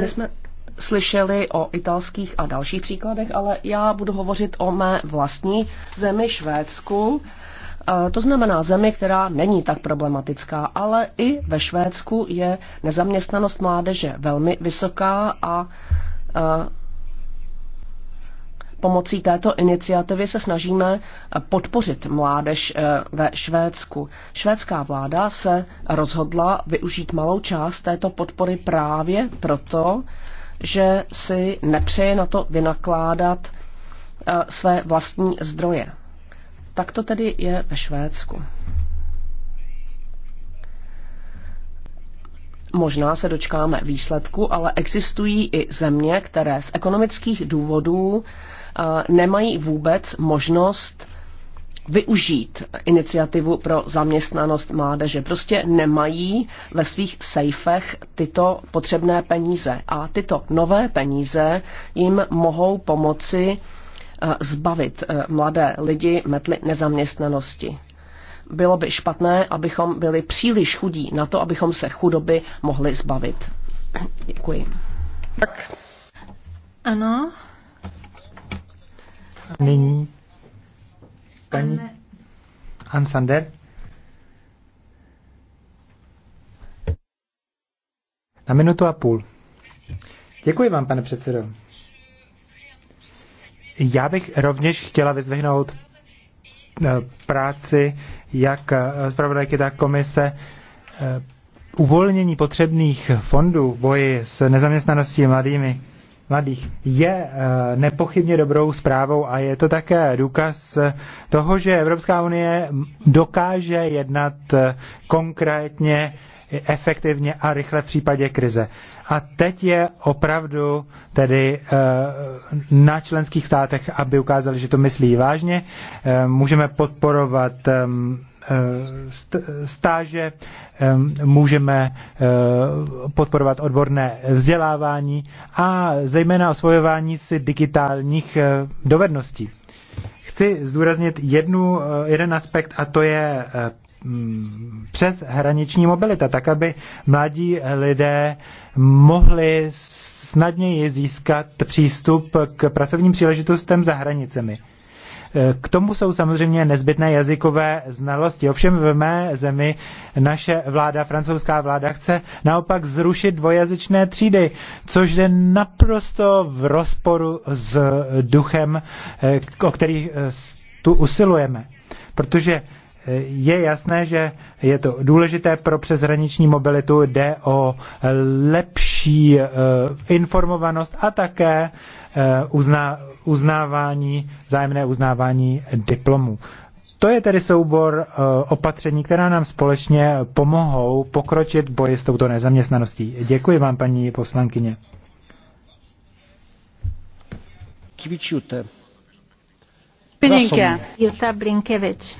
S1: My jsme slyšeli o italských a dalších příkladech, ale já budu hovořit o mé vlastní zemi Švédsku. E, to znamená zemi, která není tak problematická, ale i ve Švédsku je nezaměstnanost mládeže velmi vysoká a e, Pomocí této iniciativy se snažíme eh, podpořit mládež eh, ve Švédsku. Švédská vláda se rozhodla využít malou část této podpory právě proto, že si nepřeje na to vynakládat eh, své vlastní zdroje. Tak to tedy je ve Švédsku. Možná se dočkáme výsledku, ale existují i země, které z ekonomických důvodů Eh, nemají vůbec možnost využít iniciativu pro zaměstnanost mládeže. Prostě nemají ve svých sejfech tyto potřebné peníze. A tyto nové peníze jim mohou pomoci eh, zbavit eh, mladé lidi metly nezaměstnanosti. Bylo by špatné, abychom byli příliš chudí na to, abychom se chudoby mohli zbavit. Děkuji. Tak. Ano,
S4: Nyní paní Ansander. Na minutu a půl. Děkuji vám, pane předsedo. Já bych rovněž chtěla vyzvihnout eh, práci jak eh, zpravodajky, tak komise eh, uvolnění potřebných fondů v boji s nezaměstnaností mladými mladých je eh, nepochybně dobrou zprávou a je to také důkaz eh, toho, že Evropská unie dokáže jednat eh, konkrétně, efektivně a rychle v případě krize. A teď je opravdu tedy na členských státech, aby ukázali, že to myslí vážně. Můžeme podporovat Eh, stáže, můžeme eh, podporovat odborné vzdělávání a zejména osvojování si digitálních eh, dovedností. Chci zdůraznit jednu, jeden aspekt a to je přes hraniční mobilita, tak aby mladí lidé mohli snadněji získat přístup k pracovním příležitostem za hranicemi. Eh, k tomu jsou samozřejmě nezbytné jazykové znalosti. Ovšem v mé zemi naše vláda, francouzská vláda, chce naopak zrušit dvojazyčné třídy, což je naprosto v rozporu s duchem, eh, o který eh, tu usilujeme. Protože je jasné, že je to důležité pro přeshraniční mobilitu, jde o lepší eh, informovanost a také eh, uzná, uznávání, zájemné uznávání diplomů. To je tedy soubor eh, opatření, která nám společně pomohou pokročit boji s touto nezaměstnaností. Děkuji vám, paní poslankyně.
S6: Kvičute.
S3: Blinkevič. Jutta Blinkevič.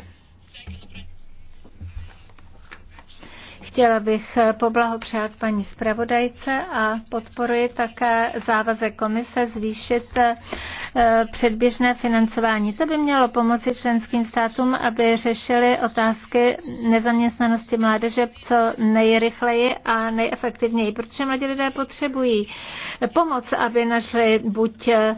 S3: Chtěla bych poblahopřát paní zpravodajce a podporuji také závazek komise zvýšit eh, předběžné financování. To by mělo pomoci členským státům, aby řešili otázky nezaměstnanosti mládeže co nejrychleji a nejefektivněji, protože mladí lidé potřebují pomoc, aby našli buď eh,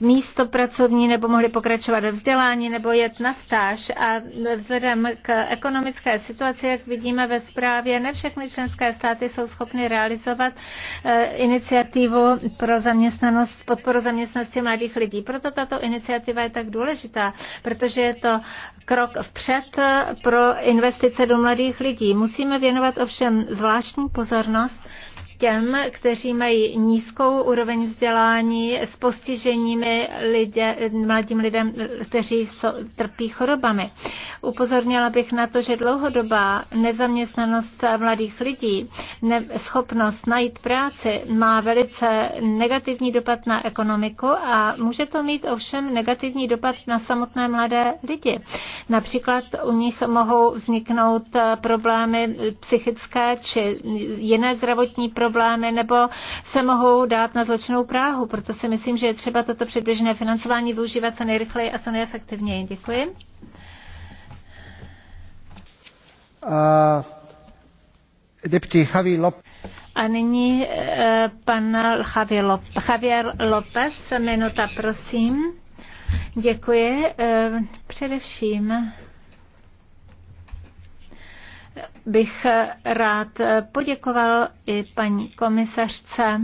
S3: místo pracovní, nebo mohli pokračovat ve vzdělání, nebo jet na stáž. A vzhledem k ekonomické situaci, jak vidíme ve zprávě, právě ne všechny členské státy jsou schopny realizovat eh, iniciativu pro zaměstnanost, podporu zaměstnanosti mladých lidí. Proto tato iniciativa je tak důležitá, protože je to krok vpřed eh, pro investice do mladých lidí. Musíme věnovat ovšem zvláštní pozornost těm, kteří mají nízkou úroveň vzdělání s postiženími lidé, mladým lidem, kteří so, trpí chorobami. Upozornila bych na to, že dlouhodobá nezaměstnanost mladých lidí, schopnost najít práci má velice negativní dopad na ekonomiku a může to mít ovšem negativní dopad na samotné mladé lidi. Například u nich mohou vzniknout problémy psychické či jiné zdravotní problémy, problémy nebo se mohou dát na zločinnou práhu. Proto si myslím, že je třeba toto předběžné financování využívat co nejrychleji a co nejefektivněji. Děkuji. Uh, Lopez. A nyní e, pan Javier López, minuta, prosím. Děkuji. E, především bych rád poděkoval i paní komisařce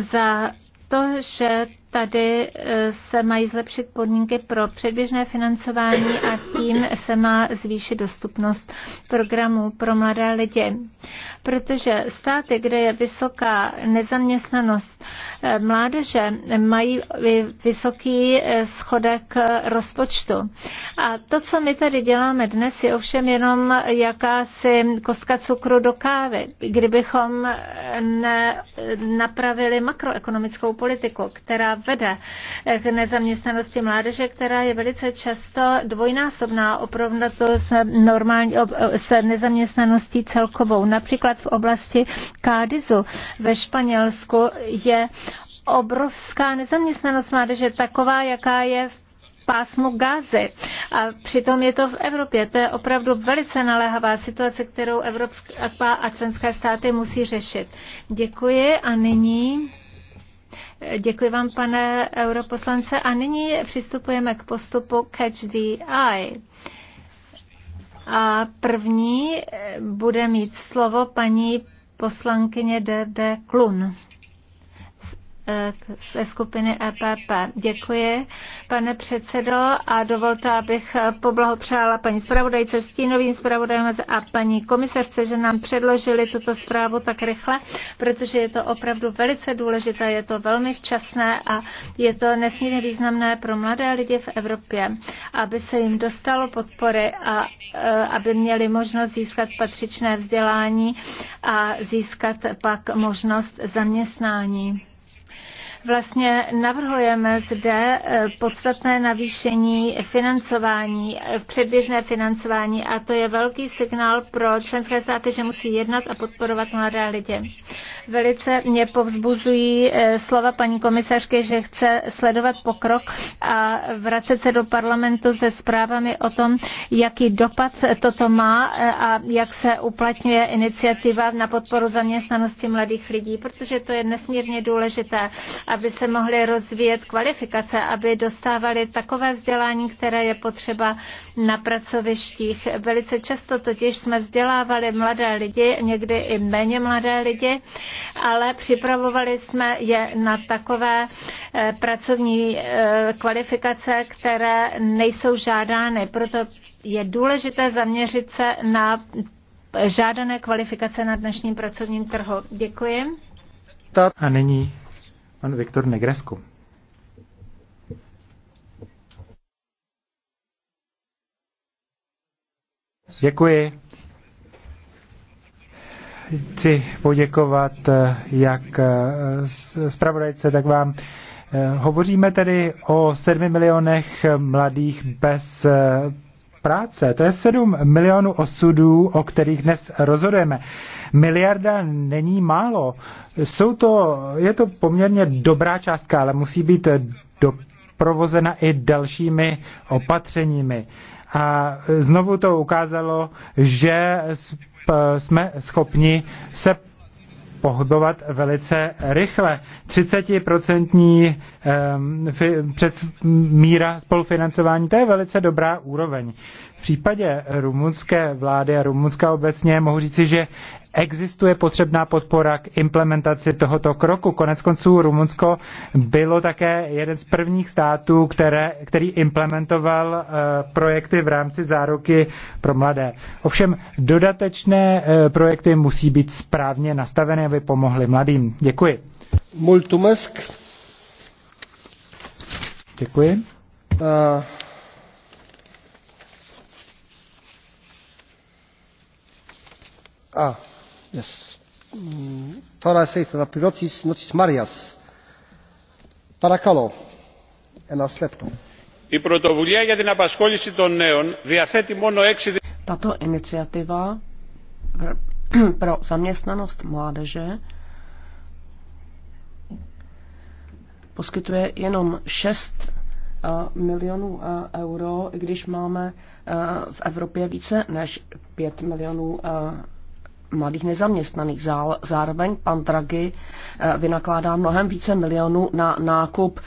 S3: za to, že tady eh, se mají zlepšit podmínky pro předběžné financování a tím se má zvýšit dostupnost programů pro mladé lidi. Protože státy, kde je vysoká nezaměstnanost eh, mládeže, mají vysoký eh, schodek rozpočtu. A to, co my tady děláme dnes, je ovšem jenom jakási kostka cukru do kávy. Kdybychom ne napravili makroekonomickou politiku, která vede k nezaměstnanosti mládeže, která je velice často dvojnásobná opravdu s, normální, s nezaměstnaností celkovou. Například v oblasti Kádizu ve Španělsku je obrovská nezaměstnanost mládeže, taková, jaká je v pásmu Gázy. A přitom je to v Evropě. To je opravdu velice naléhavá situace, kterou Evropská a členské státy musí řešit. Děkuji a nyní Děkuji vám, pane europoslance. A nyní přistupujeme k postupu Catch the Eye. A první bude mít slovo paní poslankyně D.D. Klun ze skupiny EPP. Děkuji, pane předsedo, a dovolte, abych poblahopřála paní zpravodajce Stínovým zpravodajem a paní komisařce, že nám předložili tuto zprávu tak rychle, protože je to opravdu velice důležité, je to velmi včasné a je to nesmírně významné pro mladé lidi v Evropě, aby se jim dostalo podpory a e, aby měli možnost získat patřičné vzdělání a získat pak možnost zaměstnání. Vlastně navrhujeme zde eh, podstatné navýšení financování, eh, předběžné financování a to je velký signál pro členské státy, že musí jednat a podporovat mladé lidi. Velice mě povzbuzují eh, slova paní komisařky, že chce sledovat pokrok a vracet se do parlamentu se zprávami o tom, jaký dopad toto má a jak se uplatňuje iniciativa na podporu zaměstnanosti mladých lidí, protože to je nesmírně důležité. A aby se mohly rozvíjet kvalifikace, aby dostávali takové vzdělání, které je potřeba na pracovištích. Velice často totiž jsme vzdělávali mladé lidi, někdy i méně mladé lidi, ale připravovali jsme je na takové eh, pracovní eh, kvalifikace, které nejsou žádány. Proto je důležité zaměřit se na žádané kvalifikace na dnešním pracovním trhu. Děkuji.
S4: A nyní pan Viktor Negresku. Děkuji. Chci poděkovat eh, jak eh, zpravodajce, tak vám. Eh, hovoříme tedy o sedmi milionech mladých bez práce. To je 7 milionů osudů, o kterých dnes rozhodujeme. Miliarda není málo. Jsou to, je to poměrně dobrá částka, ale musí být doprovozena i dalšími opatřeními. A znovu to ukázalo, že jsme schopni se pohybovat velice rychle. 30% ehm, před míra spolufinancování, to je velice dobrá úroveň. V případě rumunské vlády a Rumunska obecně mohu říci, že existuje potřebná podpora k implementaci tohoto kroku. Konec konců Rumunsko bylo také jeden z prvních států, které, který implementoval eh, projekty v rámci záruky pro mladé. Ovšem dodatečné eh, projekty musí být správně nastaveny, aby pomohly mladým. Děkuji. Multumesk. Děkuji. Uh... A. Ah. Η πρωτοβουλία για την απασχόληση των νέων διαθέτει μόνο 6
S1: Tato iniciativa [clears throat] pro zaměstnanost mládeže poskytuje jenom 6 eh, milionů eh, euro, i když máme eh, v Evropě více než 5 milionů mladých nezaměstnaných. Zároveň pan Draghi eh, vynakládá mnohem více milionů na nákup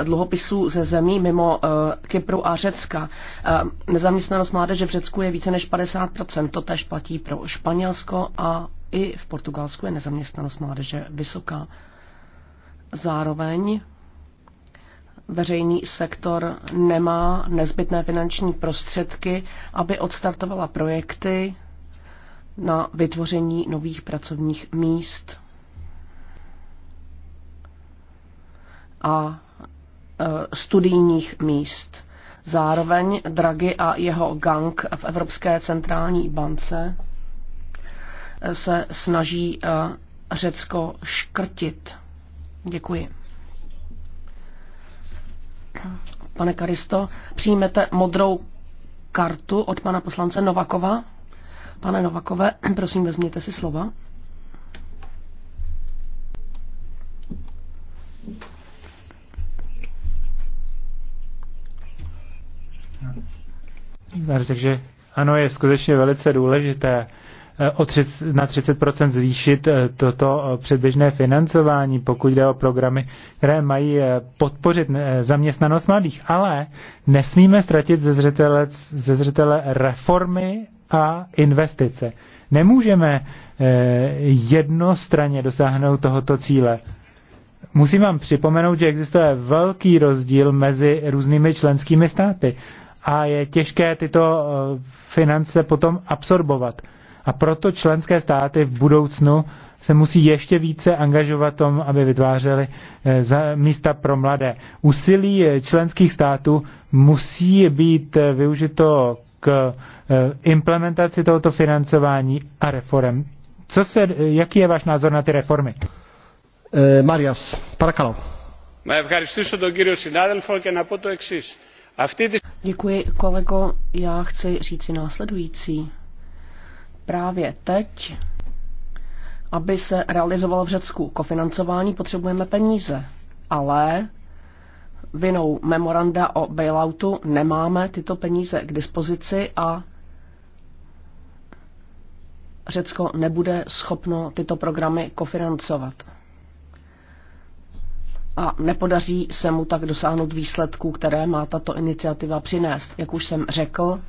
S1: eh, dluhopisů ze zemí mimo eh, Kypru a Řecka. Nezaměstnanost mládeže v Řecku je více než 50%. To tež platí pro Španělsko a i v Portugalsku je nezaměstnanost mládeže vysoká. Zároveň veřejný sektor nemá nezbytné finanční prostředky, aby odstartovala projekty, na vytvoření nových pracovních míst. a e, studijních míst. Zároveň Draghi a jeho gang v Evropské centrální bance e, se snaží e, Řecko škrtit. Děkuji. Pane Karisto, přijmete modrou kartu od pana poslance Novakova? Pane Novakové, [clears throat] prosím, vezměte si slova.
S4: Takže ano, je skutečně velice důležité, Eh, o 30, na 30% zvýšit eh, toto eh, předběžné financování, pokud jde o programy, které mají podpořit zaměstnanost mladých. Ale nesmíme ztratit ze zřetele, ze zřetele reformy a investice. Nemůžeme jednostranně dosáhnout tohoto cíle. Musím vám připomenout, že existuje velký rozdíl mezi různými členskými státy a je těžké tyto finance potom absorbovat. A proto členské státy v budoucnu se musí ještě více angažovat tom, aby vytvářely eh, místa pro mladé. Úsilí eh, členských států musí být eh, využito k implementaci tohoto financování a reform. Co se, jaký je váš názor na ty reformy? Eh, Marias, parakalo.
S1: Děkuji, kolego. Já chci říci následující právě teď, aby se realizovalo v Řecku kofinancování, potřebujeme peníze. Ale vinou memoranda o bailoutu nemáme tyto peníze k dispozici a Řecko nebude schopno tyto programy kofinancovat. A nepodaří se mu tak dosáhnout výsledků, které má tato iniciativa přinést. Jak už jsem řekl,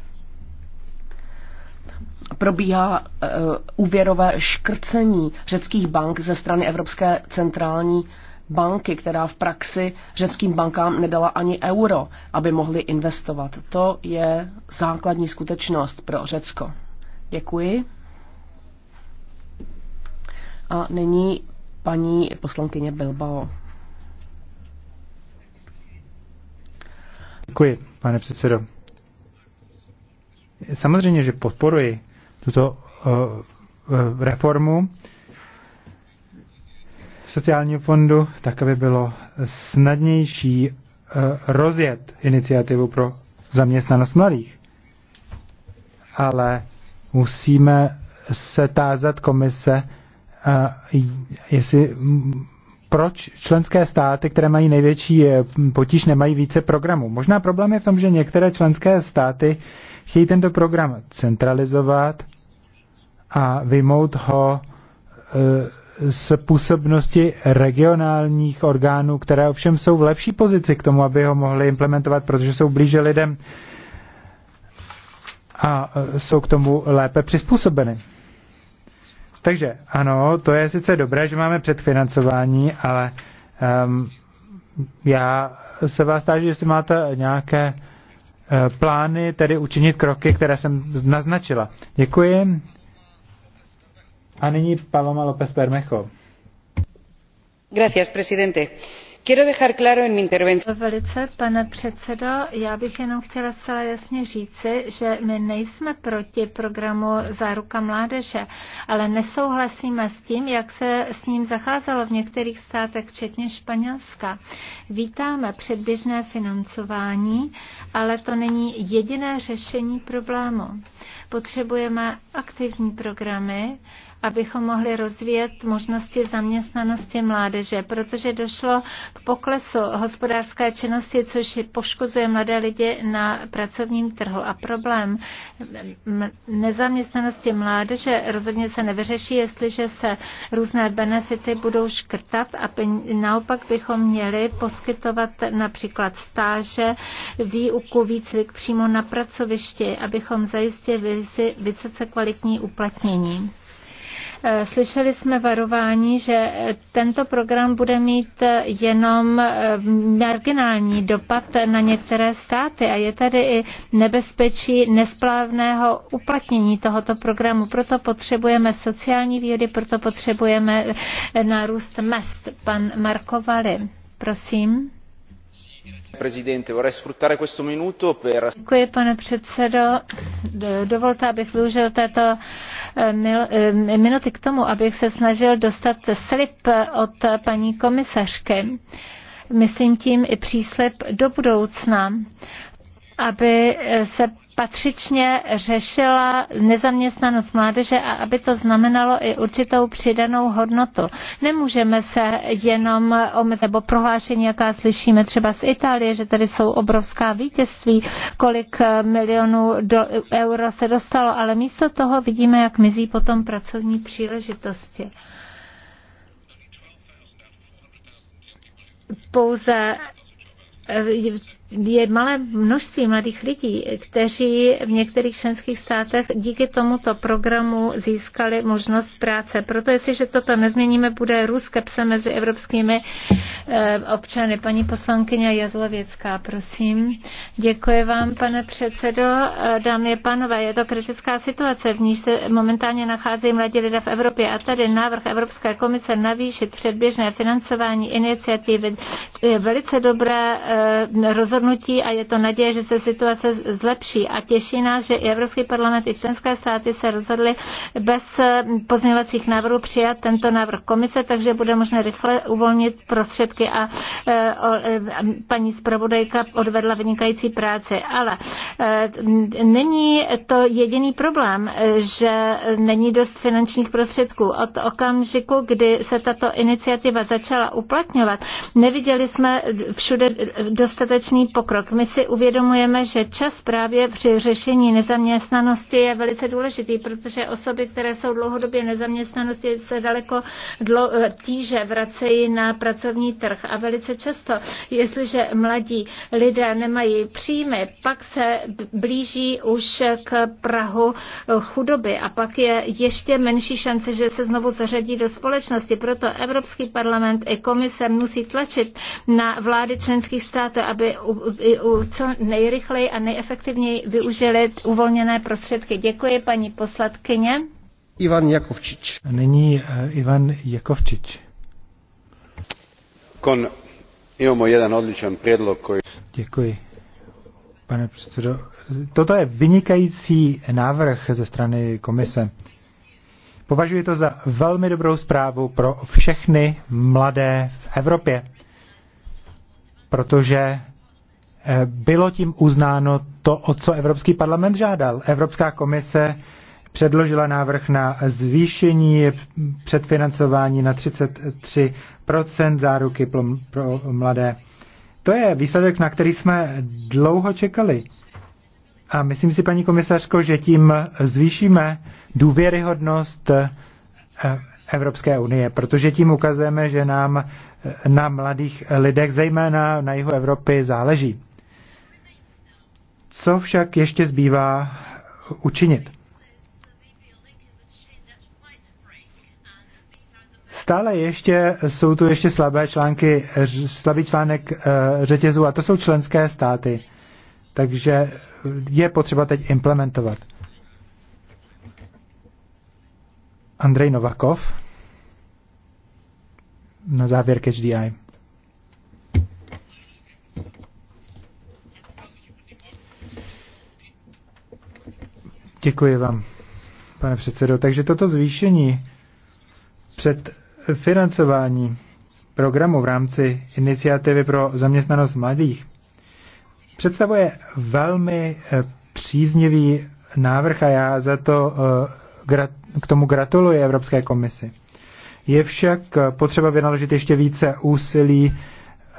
S1: probíhá eh, úvěrové škrcení řeckých bank ze strany Evropské centrální banky, která v praxi řeckým bankám nedala ani euro, aby mohli investovat. To je základní skutečnost pro Řecko. Děkuji. A nyní paní poslankyně Bilbao.
S4: Děkuji, pane předsedo. Samozřejmě, že podporuji tuto eh, eh, reformu sociálního fondu, tak aby bylo snadnější eh, rozjet iniciativu pro zaměstnanost mladých. Ale musíme se tázat komise, jestli proč členské státy, které mají největší potíž, nemají více programů. Možná problém je v tom, že některé členské státy chtějí tento program centralizovat a vymout ho eh, z působnosti regionálních orgánů, které ovšem jsou v lepší pozici k tomu, aby ho mohli implementovat, protože jsou blíže lidem a eh, jsou k tomu lépe přizpůsobeny. Takže ano, to je sice dobré, že máme předfinancování, ale um, já se vás táži, jestli máte nějaké uh, plány, tedy učinit kroky, které jsem naznačila. Děkuji. A
S2: presidente. Quiero
S3: dejar claro en mi intervención. Velice, pane předsedo, já bych jenom chtěla zcela jasně říci, že my nejsme proti programu Záruka mládeže, ale nesouhlasíme s tím, jak se s ním zacházelo v některých státech, včetně Španělska. Vítáme předběžné financování, ale to není jediné řešení problému. Potřebujeme aktivní programy, abychom mohli rozvíjet možnosti zaměstnanosti mládeže, protože došlo k poklesu hospodářské činnosti, což poškozuje mladé lidi na pracovním trhu. A problém nezaměstnanosti mládeže rozhodně se nevyřeší, jestliže se různé benefity budou škrtat a naopak bychom měli poskytovat například stáže, výuku, výcvik přímo na pracovišti, abychom zajistili vysoce kvalitní uplatnění. Eh, slyšeli jsme varování, že eh, tento program bude mít eh, jenom marginální dopad na některé státy a je tady i nebezpečí nesplávného uplatnění tohoto programu. Proto potřebujeme sociální vědy, proto potřebujeme nárůst mest. Pan Markovali, prosím. Děkuji, pane předsedo. Dovolte, abych využil této eh, eh, minuty k tomu, abych se snažil dostat slib od paní komisařky. Myslím tím i příslip do budoucna, aby se patřičně řešila nezaměstnanost mládeže a aby to znamenalo i určitou přidanou hodnotu. Nemůžeme se jenom omezit, nebo prohlášení, jaká slyšíme třeba z Itálie, že tady jsou obrovská vítězství, kolik eh, milionů do, euro se dostalo, ale místo toho vidíme, jak mizí potom pracovní příležitosti. Pouze eh, je malé množství mladých lidí, kteří v některých členských státech díky tomuto programu získali možnost práce. Proto jestliže toto nezměníme, bude růst skepse mezi evropskými eh, občany. Paní poslankyně Jazlověcká, prosím. Děkuji vám, pane předsedo. Eh, dámy a pánové, je to kritická situace, v níž se momentálně nacházejí mladí lidé v Evropě a tady návrh Evropské komise navýšit předběžné financování iniciativy je velice dobré eh, rozhodnutí rozhodnutí a je to naděje, že se situace zlepší. A těší nás, že i Evropský parlament i členské státy se rozhodly bez pozměňovacích návrhů přijat tento návrh komise, takže bude možné rychle uvolnit prostředky a e, e, paní zpravodajka odvedla vynikající práci. Ale e, není to jediný problém, že není dost finančních prostředků. Od okamžiku, kdy se tato iniciativa začala uplatňovat, neviděli jsme všude dostatečný pokrok. My si uvědomujeme, že čas právě při řešení nezaměstnanosti je velice důležitý, protože osoby, které jsou dlouhodobě nezaměstnanosti, se daleko dlo, eh, tíže vracejí na pracovní trh. A velice často, jestliže mladí lidé nemají příjmy, pak se blíží už k Prahu eh, chudoby a pak je ještě menší šance, že se znovu zařadí do společnosti. Proto Evropský parlament i komise musí tlačit na vlády členských států, aby co nejrychleji a nejefektivněji využili uvolněné prostředky. Děkuji paní posladkyně.
S1: Ivan Jakovčič. A
S4: nyní eh, Ivan Jakovčič. Kon, imamo jeden odličan prijedlog koji... Děkuji. Pane předsedo, toto je vynikající návrh ze strany komise. Považuji to za velmi dobrou zprávu pro všechny mladé v Evropě, protože Eh, bylo tím uznáno to, o co Evropský parlament žádal. Evropská komise předložila návrh na zvýšení předfinancování na 33 záruky pro, pro mladé. To je výsledek, na který jsme dlouho čekali. A myslím si, paní komisařko, že tím zvýšíme důvěryhodnost eh, Evropské unie, protože tím ukazujeme, že nám eh, na mladých lidech, zejména na jihu Evropy, záleží. Co však ještě zbývá učinit? Stále ještě jsou tu ještě slabé články, slabý článek eh, řetězu a to jsou členské státy. Takže je potřeba teď implementovat. Andrej Novakov na závěr HDI. Děkuji vám, pane předsedo. Takže toto zvýšení před financování programu v rámci iniciativy pro zaměstnanost mladých představuje velmi eh, příznivý návrh a já za to eh, k tomu gratuluji Evropské komisi. Je však potřeba vynaložit ještě více úsilí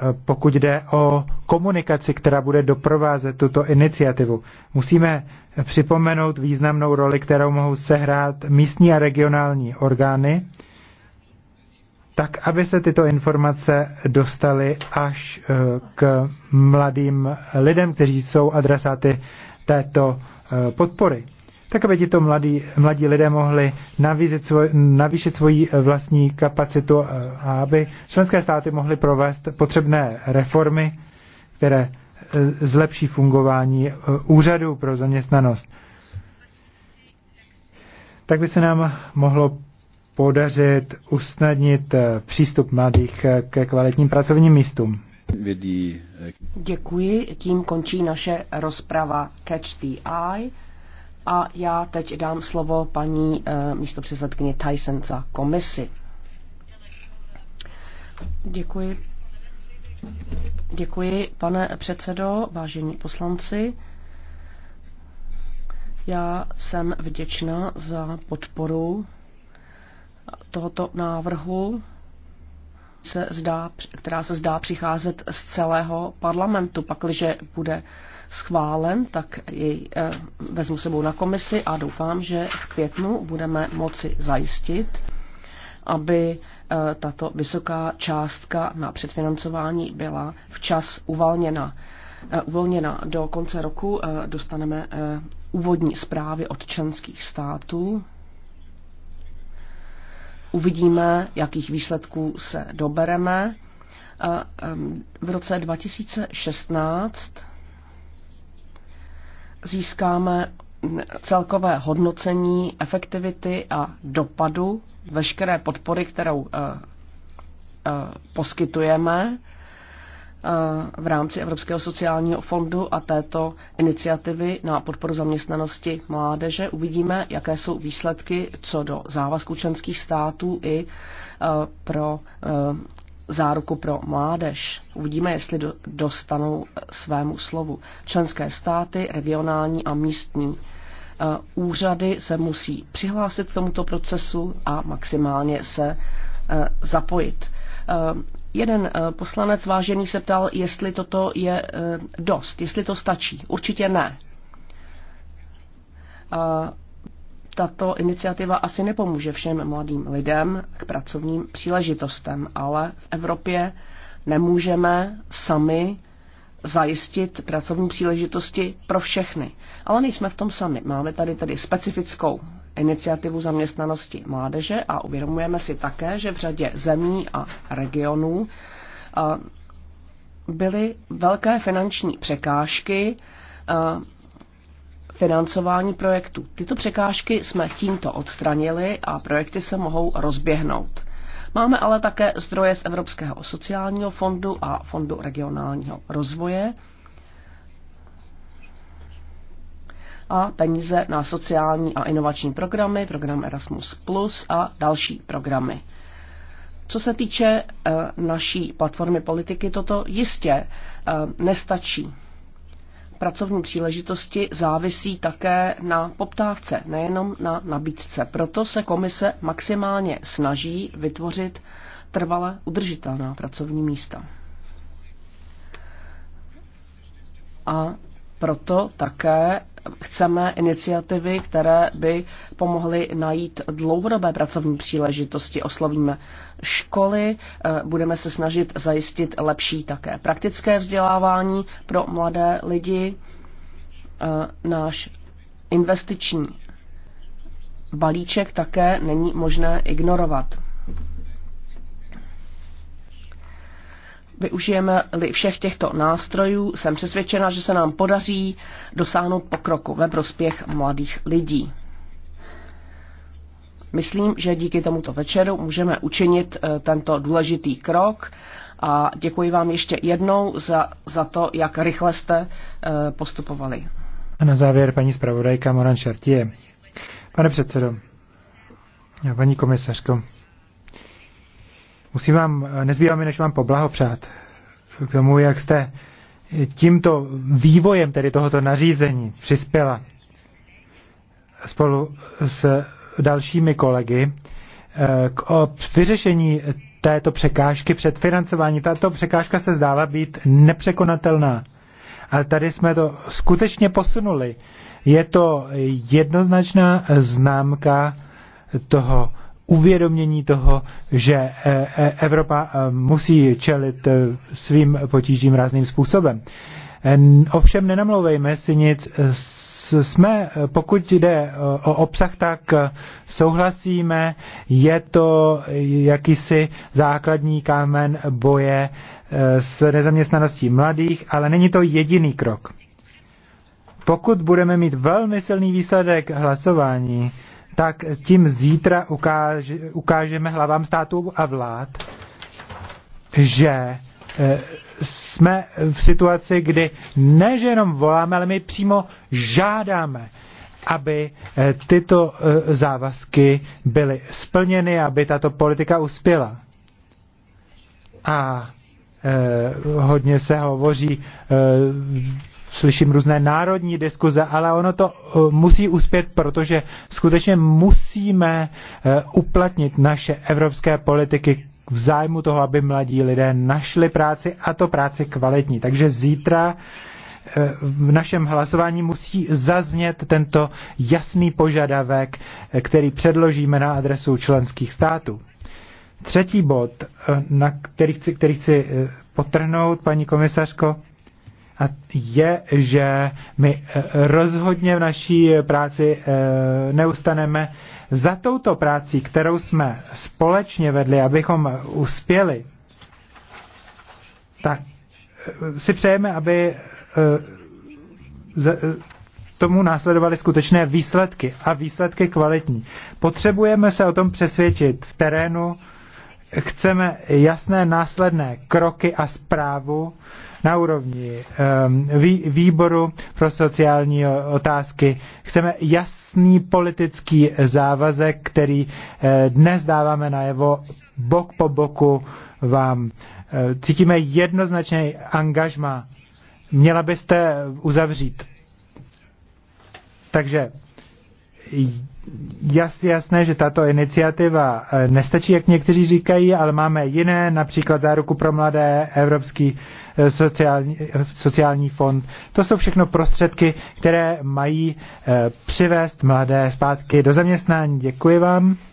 S4: Eh, pokud jde o komunikaci, která bude doprovázet tuto iniciativu. Musíme připomenout významnou roli, kterou mohou sehrát místní a regionální orgány, tak aby se tyto informace dostaly až eh, k mladým lidem, kteří jsou adresáty této eh, podpory tak aby to mladí, mladí lidé mohli navýšit, svoj, navýšit svoji eh, vlastní kapacitu eh, a aby členské státy mohly provést potřebné reformy, které eh, zlepší fungování úřadu pro zaměstnanost. Tak by se nám mohlo podařit usnadnit přístup mladých ke kvalitním pracovním místům.
S1: Děkuji, tím končí naše rozprava Catch the Eye. A já teď dám slovo paní eh, místo předsedkyně Tyson za komisi. Děkuji. Děkuji, pane předsedo, vážení poslanci. Já jsem vděčná za podporu tohoto návrhu, se zdá, která se zdá přicházet z celého parlamentu, pakliže bude schválen, tak jej eh, vezmu sebou na komisi a doufám, že v květnu budeme moci zajistit, aby eh, tato vysoká částka na předfinancování byla včas uvolněna. Eh, uvolněna do konce roku dostaneme úvodní zprávy od členských států. Uvidíme, jakých výsledků se dobereme. V roce 2016 získáme celkové hodnocení efektivity a dopadu veškeré podpory, kterou eh, eh, poskytujeme eh, v rámci Evropského sociálního fondu a této iniciativy na podporu zaměstnanosti mládeže. Uvidíme, jaké jsou výsledky co do závazku členských států i pro záruku pro mládež. Uvidíme, jestli dostanou eh, svému slovu. Členské státy, regionální a místní eh, úřady se musí přihlásit k tomuto procesu a maximálně se eh, zapojit. Jeden poslanec vážený se ptal, jestli toto je dost, jestli to stačí. Určitě ne tato iniciativa asi nepomůže všem mladým lidem k pracovním příležitostem, ale v Evropě nemůžeme sami zajistit pracovní příležitosti pro všechny. Ale nejsme v tom sami. Máme tady tedy specifickou iniciativu zaměstnanosti mládeže a uvědomujeme si také, že v řadě zemí a regionů byly velké finanční překážky financování projektu. Tyto překážky jsme tímto odstranili a projekty se mohou rozběhnout. Máme ale také zdroje z Evropského sociálního fondu a Fondu regionálního rozvoje a peníze na sociální a inovační programy, program Erasmus Plus a další programy. Co se týče eh, naší platformy politiky, toto jistě eh, nestačí pracovní příležitosti závisí také na poptávce, nejenom na nabídce. Proto se komise maximálně snaží vytvořit trvale udržitelná pracovní místa. A proto také chceme iniciativy, které by pomohly najít dlouhodobé pracovní příležitosti. Oslovíme školy, eh, budeme se snažit zajistit lepší také praktické vzdělávání pro mladé lidi. Eh, náš investiční balíček také není možné ignorovat. využijeme-li všech těchto nástrojů, jsem přesvědčena, že se nám podaří dosáhnout pokroku ve prospěch mladých lidí. Myslím, že díky tomuto večeru můžeme učinit e, tento důležitý krok a děkuji vám ještě jednou za, za to, jak rychle jste e, postupovali.
S4: A na závěr paní zpravodajka Moran Šartie. Pane předsedo, paní komisařko, Musím vám, nezbývá mi, než vám poblahopřát k tomu, jak jste tímto vývojem tedy tohoto nařízení přispěla spolu s dalšími kolegy eh, k vyřešení této překážky před financování. Tato překážka se zdála být nepřekonatelná. Ale tady jsme to skutečně posunuli. Je to jednoznačná známka toho uvědomění toho, že eh, eh, Evropa eh, musí čelit svým potížím rázným způsobem. Ovšem nenamlouvejme si nic. Jsme, pokud jde o obsah, tak souhlasíme, je to jakýsi základní kámen boje s nezaměstnaností mladých, ale není to jediný krok. Pokud budeme mít velmi silný výsledek hlasování, tak tím zítra ukáž, ukážeme hlavám států a vlád, že e, jsme v situaci, kdy ne, jenom voláme, ale my přímo žádáme, aby e, tyto e, závazky byly splněny, aby tato politika uspěla. A hodně se hovoří slyším různé národní diskuze, ale ono to eh, musí uspět, protože skutečně musíme eh, uplatnit naše evropské politiky v zájmu toho, aby mladí lidé našli práci a to práci kvalitní. Takže zítra eh, v našem hlasování musí zaznět tento jasný požadavek, který předložíme na adresu členských států. Třetí bod, na který chci, který chci potrhnout, paní komisařko, a je, že my eh, rozhodně v naší eh, práci eh, neustaneme za touto práci, kterou jsme společně vedli, abychom uspěli, tak si přejeme, aby tomu následovaly skutečné výsledky a výsledky kvalitní. Potřebujeme se o tom přesvědčit v terénu, chceme jasné následné kroky a zprávu, na úrovni ehm, výboru pro sociální otázky. Chceme jasný politický závazek, který eh, dnes dáváme najevo bok po boku vám. Eh, cítíme jednoznačný angažma. Měla byste uzavřít. Takže jas, jasné, že tato iniciativa eh, nestačí, jak někteří říkají, ale máme jiné, například záruku pro mladé, Evropský eh, sociální, eh, sociální fond. To jsou všechno prostředky, které mají přivést mladé zpátky do zaměstnání. Děkuji vám.